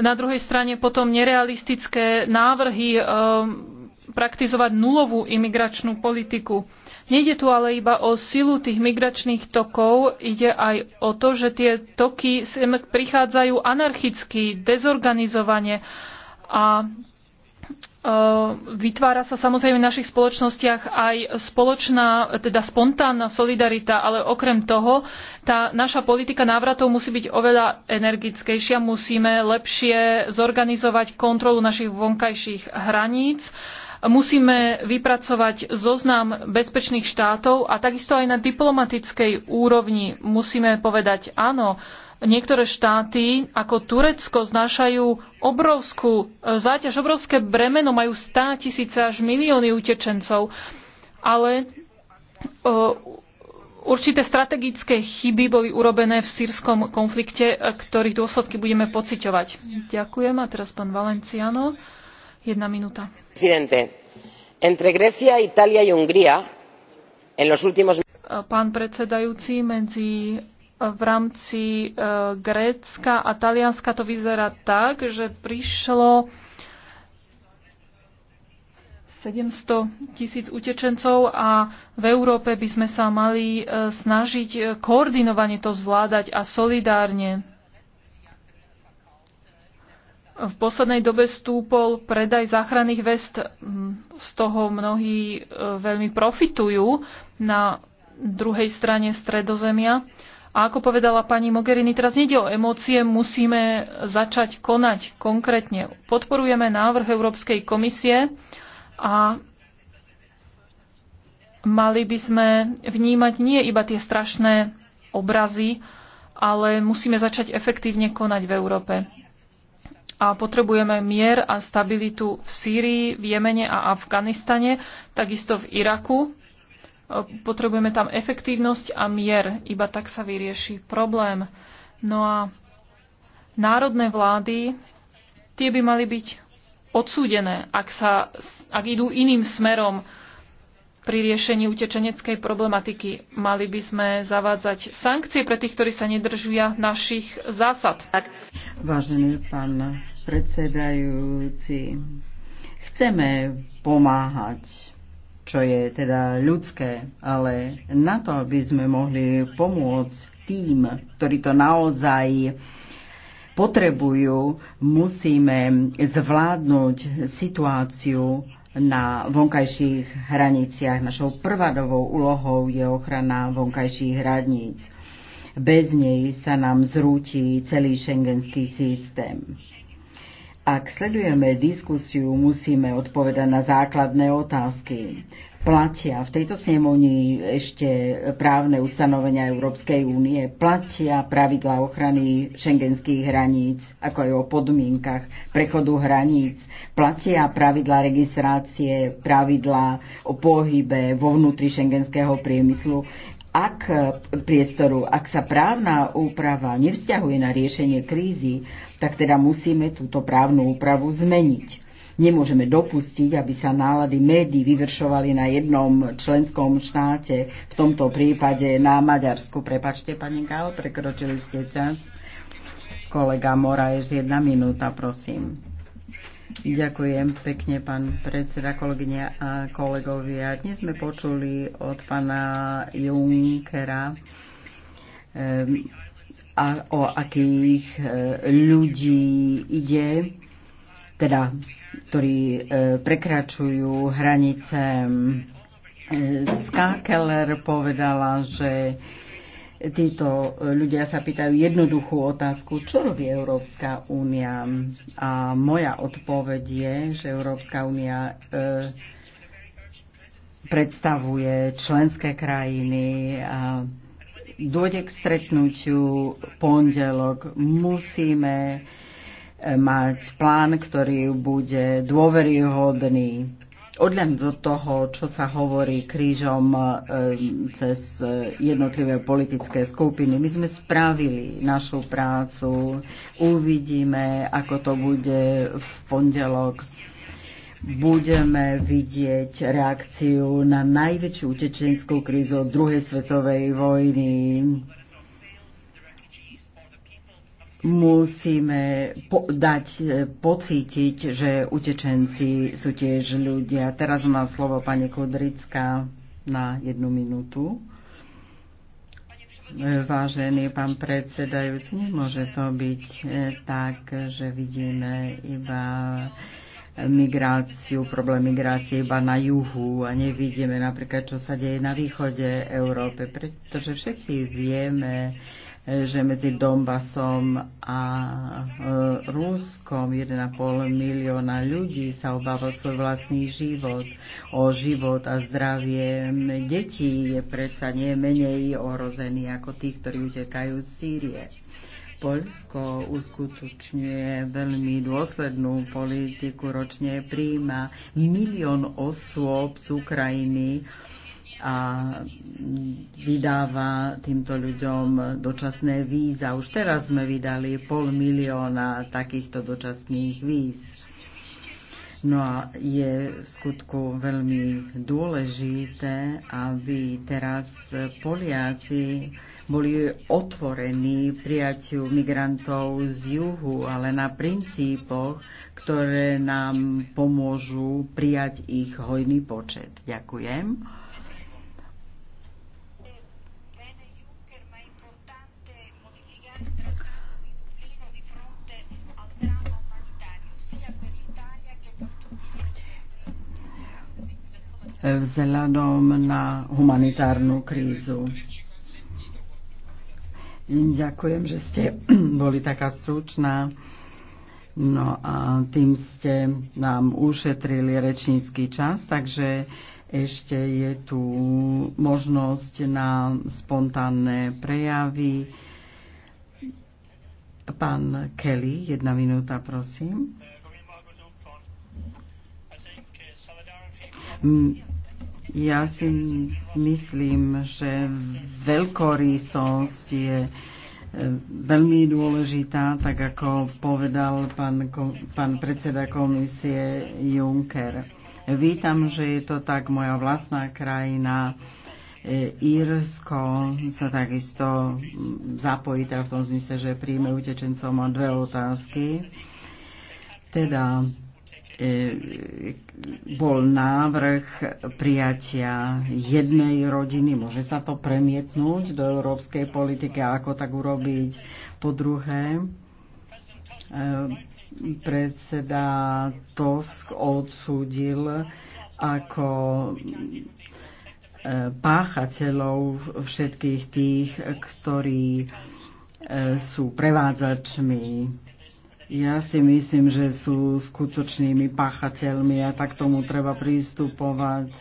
na druhej strane potom nerealistické návrhy e, praktizovať nulovú imigračnú politiku. Nejde tu ale iba o silu tých migračných tokov, ide aj o to, že tie toky prichádzajú anarchicky, dezorganizovane a Ehm, vytvára sa samozrejme v našich spoločnostiach aj spoločná, teda spontánna solidarita, ale okrem toho tá naša politika návratov musí byť oveľa energickejšia, musíme lepšie zorganizovať kontrolu našich vonkajších hraníc, musíme vypracovať zoznam bezpečných štátov a takisto aj na diplomatickej úrovni musíme povedať áno, Niektoré štáty, ako Turecko, znášajú obrovskú e, záťaž, obrovské bremeno, majú stá tisíce až milióny utečencov. Ale e, určité strategické chyby boli urobené v sírskom konflikte, e, ktorých dôsledky budeme pociťovať. Ďakujem. A teraz pán Valenciano. Jedna minúta.
Entre Grecia, Italia y Hungría, en los últimos...
Pán predsedajúci, medzi v rámci e, Grécka a Talianska to vyzerá tak, že prišlo 700 tisíc utečencov a v Európe by sme sa mali e, snažiť e, koordinovane to zvládať a solidárne. V poslednej dobe stúpol predaj záchranných vest. Z toho mnohí e, veľmi profitujú na druhej strane Stredozemia. A ako povedala pani Mogherini, teraz nejde o emócie, musíme začať konať konkrétne. Podporujeme návrh Európskej komisie a mali by sme vnímať nie iba tie strašné obrazy, ale musíme začať efektívne konať v Európe. A potrebujeme mier a stabilitu v Sýrii, v Jemene a Afganistane, takisto v Iraku Potrebujeme tam efektívnosť a mier. Iba tak sa vyrieši problém. No a národné vlády, tie by mali byť odsúdené, ak, sa, ak idú iným smerom pri riešení utečeneckej problematiky. Mali by sme zavádzať sankcie pre tých, ktorí sa nedržia našich zásad.
Vážený pán predsedajúci, chceme pomáhať čo je teda ľudské, ale na to, aby sme mohli pomôcť tým, ktorí to naozaj potrebujú, musíme zvládnuť situáciu na vonkajších hraniciach. Našou prvadovou úlohou je ochrana vonkajších hraníc. Bez nej sa nám zrúti celý šengenský systém. Ak sledujeme diskusiu, musíme odpovedať na základné otázky. Platia v tejto snemovni ešte právne ustanovenia Európskej únie, platia pravidla ochrany šengenských hraníc, ako aj o podmienkach prechodu hraníc, platia pravidla registrácie, pravidla o pohybe vo vnútri šengenského priemyslu ak priestoru, ak sa právna úprava nevzťahuje na riešenie krízy, tak teda musíme túto právnu úpravu zmeniť. Nemôžeme dopustiť, aby sa nálady médií vyvršovali na jednom členskom štáte, v tomto prípade na Maďarsku. Prepačte, pani Gál, prekročili ste čas. Kolega Mora, ešte jedna minúta, prosím. Ďakujem pekne, pán predseda, kolegyne a kolegovia. Dnes sme počuli od pána Junkera, ehm, a o akých e, ľudí ide, teda, ktorí e, prekračujú hranice. E, Skákeler povedala, že títo ľudia sa pýtajú jednoduchú otázku, čo robí Európska únia. A moja odpoveď je, že Európska únia e, predstavuje členské krajiny a dôjde k stretnutiu pondelok. Musíme eh, mať plán, ktorý bude dôveryhodný odľan do toho, čo sa hovorí krížom eh, cez eh, jednotlivé politické skupiny. My sme spravili našu prácu, uvidíme, ako to bude v pondelok budeme vidieť reakciu na najväčšiu utečenskú krízu od druhej svetovej vojny. Musíme po- dať e, pocítiť, že utečenci sú tiež ľudia. Teraz má slovo pani Kudrická na jednu minútu. Vážený pán predsedajúci, nemôže to byť e, tak, že vidíme iba migráciu, problém migrácie iba na juhu a nevidíme napríklad, čo sa deje na východe Európy, pretože všetci vieme, že medzi Donbasom a e, Ruskom 1,5 milióna ľudí sa obáva svoj vlastný život. O život a zdravie detí je predsa nie menej ohrozený ako tých, ktorí utekajú z Sýrie. Poľsko uskutočňuje veľmi dôslednú politiku, ročne príjma milión osôb z Ukrajiny a vydáva týmto ľuďom dočasné víza. Už teraz sme vydali pol milióna takýchto dočasných víz. No a je v skutku veľmi dôležité, aby teraz Poliaci boli otvorení prijatiu migrantov z juhu, ale na princípoch, ktoré nám pomôžu prijať ich hojný počet. Ďakujem. vzhľadom na humanitárnu krízu. Hm, ďakujem, že ste boli taká stručná. No a tým ste nám ušetrili rečnícky čas, takže ešte je tu možnosť na spontánne prejavy. Pán Kelly, jedna minúta, prosím. Mm ja si myslím, že veľkorysosť je e, veľmi dôležitá, tak ako povedal pán, pán predseda komisie Juncker. Vítam, že je to tak moja vlastná krajina. E, Írsko sa takisto zapojí, v tom zmysle, že príjme utečencov. Mám dve otázky. Teda E, bol návrh prijatia jednej rodiny, môže sa to premietnúť do európskej politiky a ako tak urobiť. Po druhé, e, predseda Tosk odsúdil ako e, páchateľov všetkých tých, ktorí sú prevádzačmi ja si myslím, že sú skutočnými páchateľmi a tak tomu treba prístupovať.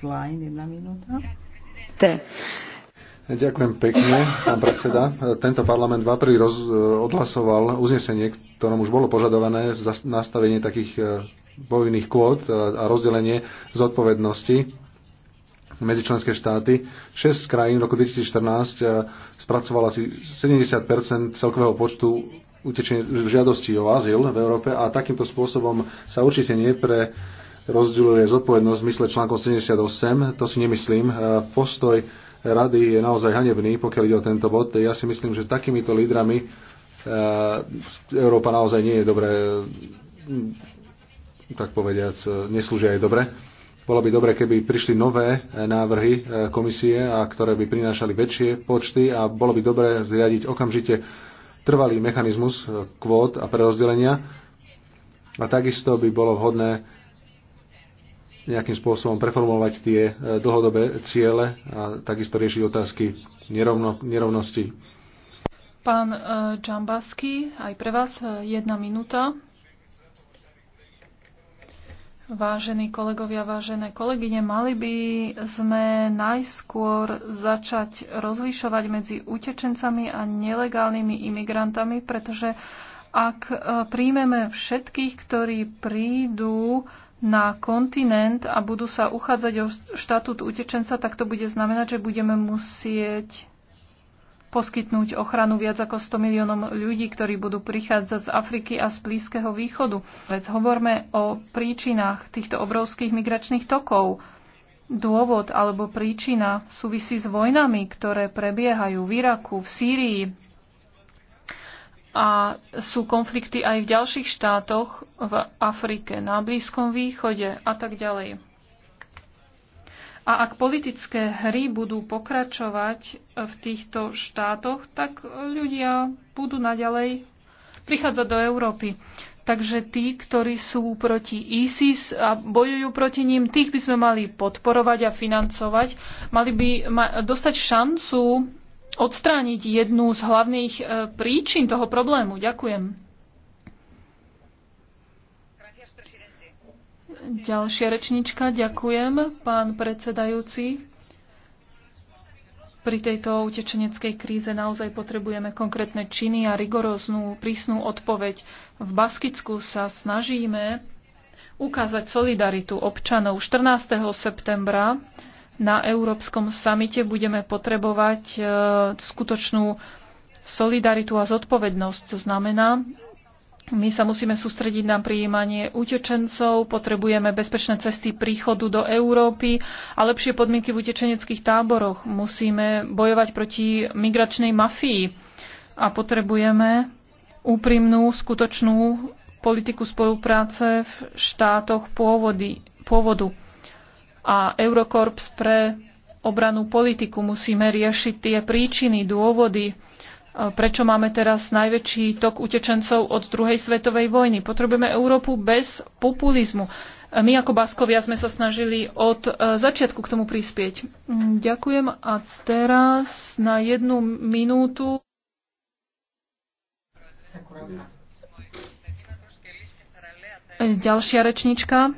Slajn, jedna minúta.
Ďakujem pekne, pán predseda. Tento parlament v apríli e, odhlasoval uznesenie, ktorom už bolo požadované za nastavenie takých povinných e, kvót a rozdelenie zodpovednosti medzi členské štáty. 6 krajín v roku 2014 e, spracovalo asi 70 celkového počtu utečenie žiadosti o azyl v Európe a takýmto spôsobom sa určite nie pre rozdieluje zodpovednosť v mysle článkom 78. To si nemyslím. E, postoj rady je naozaj hanebný, pokiaľ ide o tento bod. Ja si myslím, že takýmito lídrami e, Európa naozaj nie je dobre, tak povediac, e, neslúžia aj dobre. Bolo by dobre, keby prišli nové návrhy komisie, a ktoré by prinášali väčšie počty a bolo by dobre zriadiť okamžite trvalý mechanizmus e, kvót a prerozdelenia a takisto by bolo vhodné nejakým spôsobom preformulovať tie e, dlhodobé ciele a takisto riešiť otázky nerovno, nerovnosti.
Pán Čambasky, e, aj pre vás jedna minúta. Vážení kolegovia, vážené kolegyne, mali by sme najskôr začať rozlišovať medzi utečencami a nelegálnymi imigrantami, pretože ak e, príjmeme všetkých, ktorí prídu na kontinent a budú sa uchádzať o štatút utečenca, tak to bude znamenať, že budeme musieť poskytnúť ochranu viac ako 100 miliónom ľudí, ktorí budú prichádzať z Afriky a z Blízkeho východu. Veď hovorme o príčinách týchto obrovských migračných tokov. Dôvod alebo príčina súvisí s vojnami, ktoré prebiehajú v Iraku, v Sýrii a sú konflikty aj v ďalších štátoch v Afrike, na Blízkom východe a tak ďalej. A ak politické hry budú pokračovať v týchto štátoch, tak ľudia budú naďalej prichádzať do Európy. Takže tí, ktorí sú proti ISIS a bojujú proti ním, tých by sme mali podporovať a financovať. Mali by dostať šancu odstrániť jednu z hlavných e, príčin toho problému. Ďakujem. Ďalšia rečnička, ďakujem, pán predsedajúci. Pri tejto utečeneckej kríze naozaj potrebujeme konkrétne činy a rigoróznu, prísnu odpoveď. V Baskicku sa snažíme ukázať solidaritu občanov. 14. septembra na Európskom samite budeme potrebovať e, skutočnú solidaritu a zodpovednosť. To znamená, my sa musíme sústrediť na prijímanie utečencov, potrebujeme bezpečné cesty príchodu do Európy a lepšie podmienky v utečeneckých táboroch. Musíme bojovať proti migračnej mafii a potrebujeme úprimnú, skutočnú politiku spolupráce v štátoch pôvody, pôvodu. A Eurokorps pre obranú politiku musíme riešiť tie príčiny, dôvody, prečo máme teraz najväčší tok utečencov od druhej svetovej vojny. Potrebujeme Európu bez populizmu. My ako Baskovia sme sa snažili od e, začiatku k tomu prispieť. Mm, ďakujem a teraz na jednu minútu. E, ďalšia rečnička.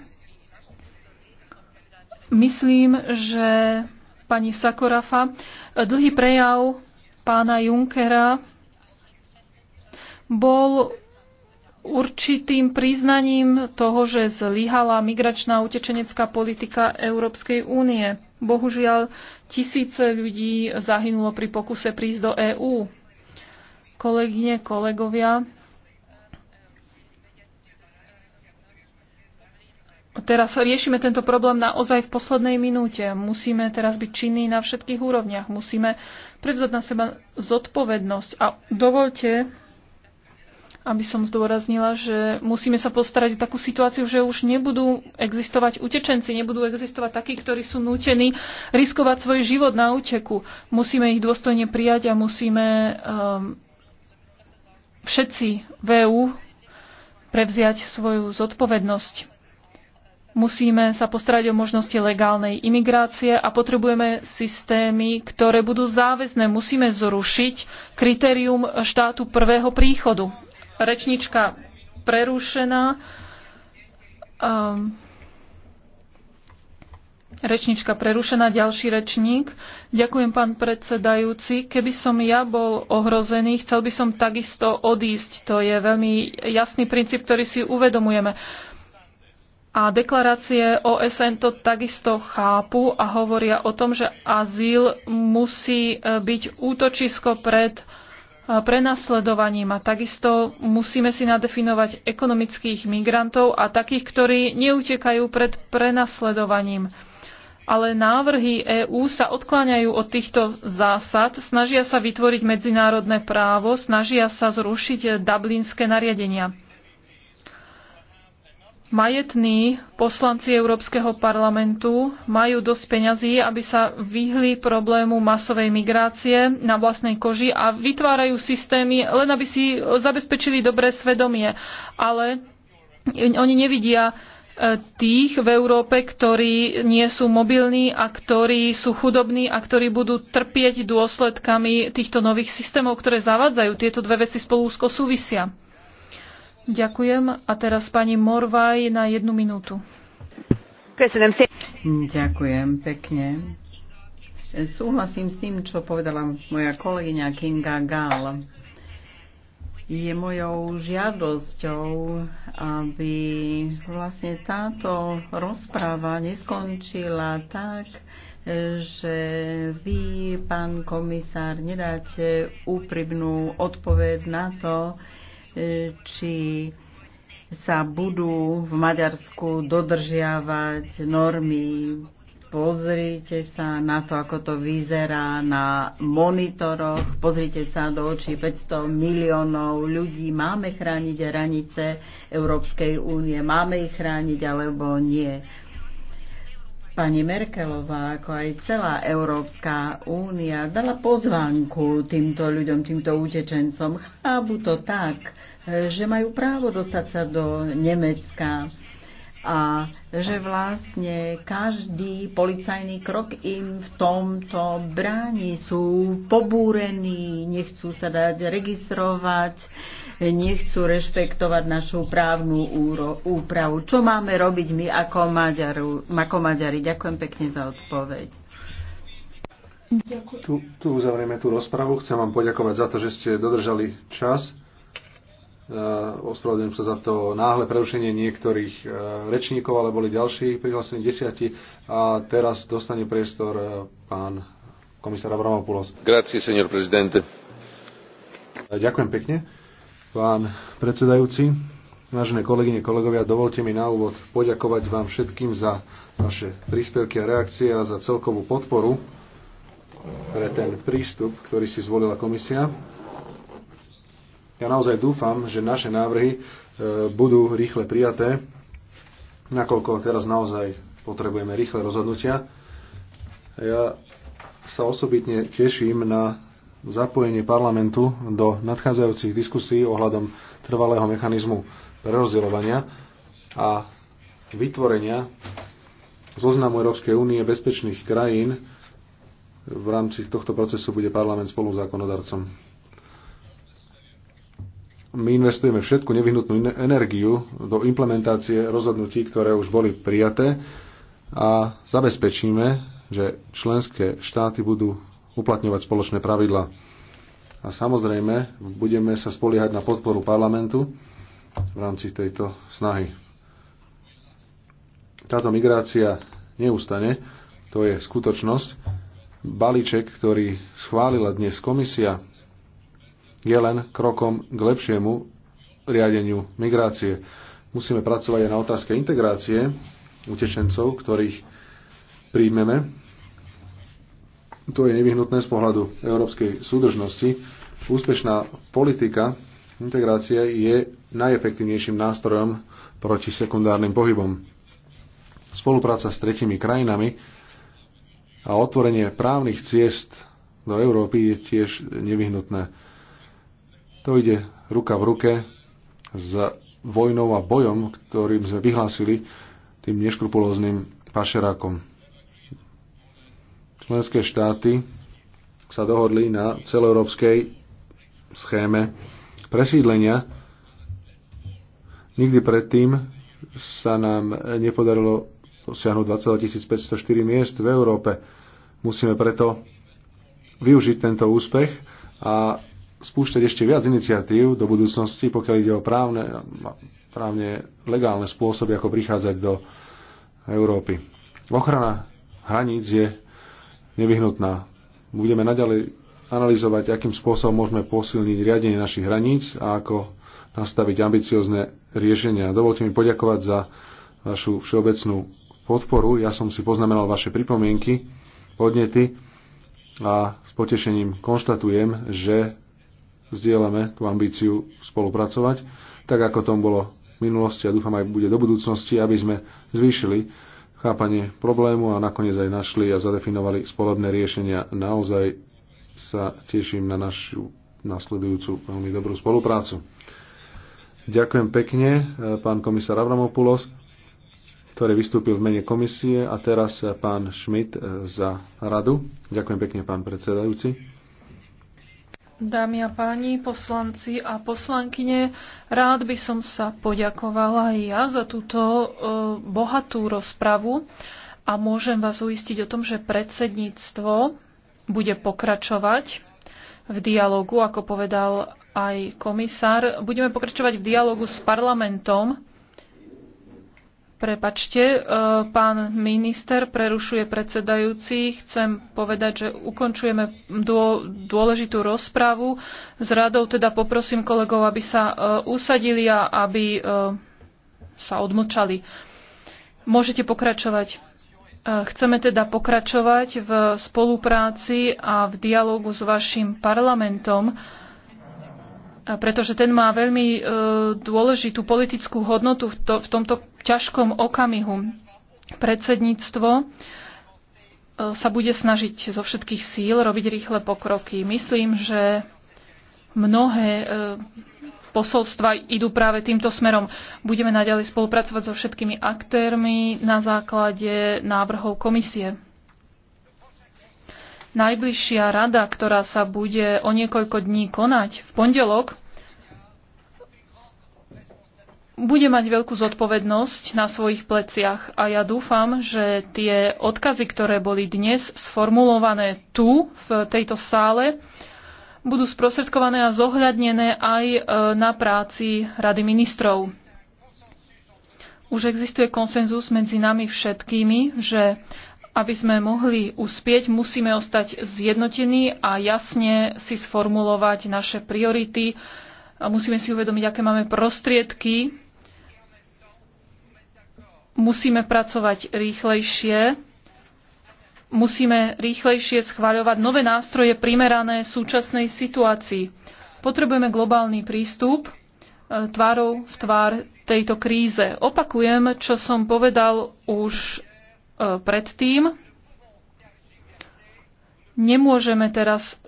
Myslím, že pani Sakorafa e, dlhý prejav pána Junckera bol určitým priznaním toho, že zlyhala migračná utečenecká politika Európskej únie. Bohužiaľ, tisíce ľudí zahynulo pri pokuse prísť do EÚ. Kolegyne, kolegovia, teraz riešime tento problém naozaj v poslednej minúte. Musíme teraz byť činní na všetkých úrovniach. Musíme prevzať na seba zodpovednosť. A dovolte, aby som zdôraznila, že musíme sa postarať o takú situáciu, že už nebudú existovať utečenci, nebudú existovať takí, ktorí sú nútení riskovať svoj život na úteku. Musíme ich dôstojne prijať a musíme um, všetci v e prevziať svoju zodpovednosť musíme sa postarať o možnosti legálnej imigrácie a potrebujeme systémy, ktoré budú záväzné. Musíme zrušiť kritérium štátu prvého príchodu. Rečnička prerušená. Um, Rečnička prerušená, ďalší rečník. Ďakujem, pán predsedajúci. Keby som ja bol ohrozený, chcel by som takisto odísť. To je veľmi jasný princíp, ktorý si uvedomujeme. A deklarácie OSN to takisto chápu a hovoria o tom, že azyl musí e, byť útočisko pred e, prenasledovaním a takisto musíme si nadefinovať ekonomických migrantov a takých, ktorí neutekajú pred prenasledovaním. Ale návrhy EÚ sa odkláňajú od týchto zásad, snažia sa vytvoriť medzinárodné právo, snažia sa zrušiť dublinské nariadenia. Majetní poslanci Európskeho parlamentu majú dosť peňazí, aby sa vyhli problému masovej migrácie na vlastnej koži a vytvárajú systémy, len aby si zabezpečili dobré svedomie. Ale oni nevidia e, tých v Európe, ktorí nie sú mobilní a ktorí sú chudobní a ktorí budú trpieť dôsledkami týchto nových systémov, ktoré zavádzajú. Tieto dve veci spolu úzko súvisia. Ďakujem. A teraz pani Morvaj na jednu minútu.
Ďakujem pekne.
Súhlasím s tým, čo
povedala moja kolegyňa Kinga Gall. Je mojou žiadosťou, aby vlastne táto rozpráva neskončila tak, že vy, pán komisár, nedáte úprimnú odpoveď na to, či sa budú v Maďarsku dodržiavať normy. Pozrite sa na to, ako to vyzerá na monitoroch. Pozrite sa do očí 500 miliónov ľudí. Máme chrániť hranice Európskej únie. Máme ich chrániť alebo nie. Pani Merkelová, ako aj celá Európska únia, dala pozvánku týmto ľuďom, týmto utečencom. Chápu to tak, že majú právo dostať sa do Nemecka a že vlastne každý policajný krok im v tomto bráni. Sú pobúrení, nechcú sa dať registrovať, nechcú rešpektovať našu právnu úpravu. Čo máme robiť my ako, Maďaru, ako Maďari? Ďakujem pekne za odpoveď.
Tu, tu uzavrieme tú rozpravu. Chcem vám poďakovať za to, že ste dodržali čas. Eh, ospravedlňujem sa za to náhle prerušenie niektorých eh, rečníkov, ale boli ďalší prihlásení desiati. A teraz dostane priestor eh, pán komisár Abramopoulos. Grazie, senior prezidente. Ďakujem pekne. Pán predsedajúci, vážené kolegyne, kolegovia, dovolte mi na úvod poďakovať vám všetkým za vaše príspevky a reakcie a za celkovú podporu pre ten prístup, ktorý si zvolila komisia ja naozaj dúfam, že naše návrhy e, budú rýchle prijaté, nakoľko teraz naozaj potrebujeme rýchle rozhodnutia. Ja sa osobitne teším na zapojenie parlamentu do nadchádzajúcich diskusí ohľadom trvalého mechanizmu prerozdeľovania a vytvorenia zoznamu Európskej únie bezpečných krajín. V rámci tohto procesu bude parlament spolu zákonodarcom my investujeme všetku nevyhnutnú energiu do implementácie rozhodnutí, ktoré už boli prijaté a zabezpečíme, že členské štáty budú uplatňovať spoločné pravidla. A samozrejme, budeme sa spoliehať na podporu parlamentu v rámci tejto snahy. Táto migrácia neustane, to je skutočnosť. Balíček, ktorý schválila dnes komisia, je len krokom k lepšiemu riadeniu migrácie. Musíme pracovať aj na otázke integrácie utečencov, ktorých príjmeme. To je nevyhnutné z pohľadu európskej súdržnosti. Úspešná politika integrácie je najefektívnejším nástrojom proti sekundárnym pohybom. Spolupráca s tretimi krajinami a otvorenie právnych ciest do Európy je tiež nevyhnutné to ide ruka v ruke s vojnou a bojom, ktorým sme vyhlásili tým neškrupulóznym pašerákom. Členské štáty sa dohodli na celoeurópskej schéme presídlenia. Nikdy predtým sa nám nepodarilo dosiahnuť 22 504 miest v Európe. Musíme preto využiť tento úspech a spúšťať ešte viac iniciatív do budúcnosti, pokiaľ ide o právne, právne legálne spôsoby, ako prichádzať do Európy. Ochrana hraníc je nevyhnutná. Budeme naďalej analyzovať, akým spôsobom môžeme posilniť riadenie našich hraníc a ako nastaviť ambiciozne riešenia. Dovolte mi poďakovať za vašu všeobecnú podporu. Ja som si poznamenal vaše pripomienky, podnety a s potešením konštatujem, že zdieľame tú ambíciu spolupracovať, tak ako tom bolo v minulosti a dúfam aj bude do budúcnosti, aby sme zvýšili chápanie problému a nakoniec aj našli a zadefinovali spoločné riešenia. Naozaj sa teším na našu nasledujúcu veľmi dobrú spoluprácu. Ďakujem pekne, pán komisár Avramopoulos, ktorý vystúpil v mene komisie a teraz pán Schmidt za radu. Ďakujem pekne, pán predsedajúci.
Dámy a páni, poslanci a poslankyne, rád by som sa poďakovala aj ja za túto e, bohatú rozpravu a môžem vás uistiť o tom, že predsedníctvo bude pokračovať v dialogu, ako povedal aj komisár. Budeme pokračovať v dialogu s parlamentom Prepačte, e, pán minister prerušuje predsedajúci. Chcem povedať, že ukončujeme dôležitú rozpravu s radou, teda poprosím kolegov, aby sa e, usadili a aby e, sa odmlčali. Môžete pokračovať. Chceme teda pokračovať v spolupráci a v dialogu s vašim parlamentom pretože ten má veľmi e, dôležitú politickú hodnotu v, to, v tomto ťažkom okamihu. Predsedníctvo e, sa bude snažiť zo všetkých síl robiť rýchle pokroky. Myslím, že mnohé e, posolstva idú práve týmto smerom. Budeme naďalej spolupracovať so všetkými aktérmi na základe návrhov komisie. Najbližšia rada, ktorá sa bude o niekoľko dní konať v pondelok, bude mať veľkú zodpovednosť na svojich pleciach a ja dúfam, že tie odkazy, ktoré boli dnes sformulované tu, v tejto sále, budú sprostredkované a zohľadnené aj e, na práci Rady ministrov. Už existuje konsenzus medzi nami všetkými, že aby sme mohli uspieť, musíme ostať zjednotení a jasne si sformulovať naše priority. Musíme si uvedomiť, aké máme prostriedky. Musíme pracovať rýchlejšie. Musíme rýchlejšie schváľovať nové nástroje primerané súčasnej situácii. Potrebujeme globálny prístup e, tvárou v tvár tejto kríze. Opakujem, čo som povedal už E, predtým. Nemôžeme teraz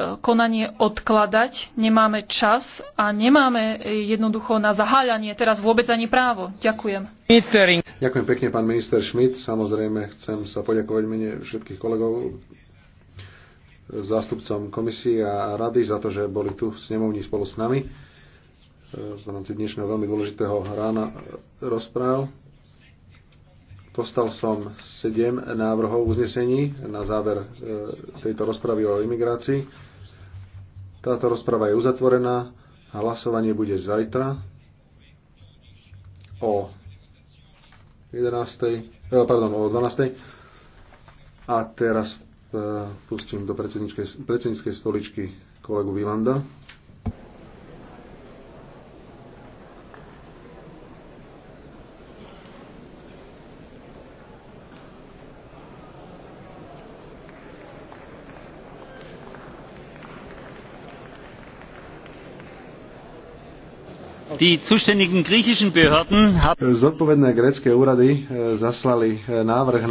e, konanie odkladať, nemáme čas a nemáme e, jednoducho na zaháľanie teraz vôbec ani právo. Ďakujem.
Ďakujem pekne, pán minister Schmidt. Samozrejme, chcem sa poďakovať mene všetkých kolegov, zástupcom komisie a rady za to, že boli tu v snemovni spolu s nami v rámci dnešného veľmi dôležitého rána rozpráv. Dostal som sedem návrhov uznesení na záver e, tejto rozpravy o imigrácii. Táto rozprava je uzatvorená. Hlasovanie bude zajtra o 11. E, pardon, o 12. A teraz e, pustím do predsedničkej, predsedničkej stoličky kolegu Vilanda. Zodpovedné grécke úrady eh, zaslali eh, návrh na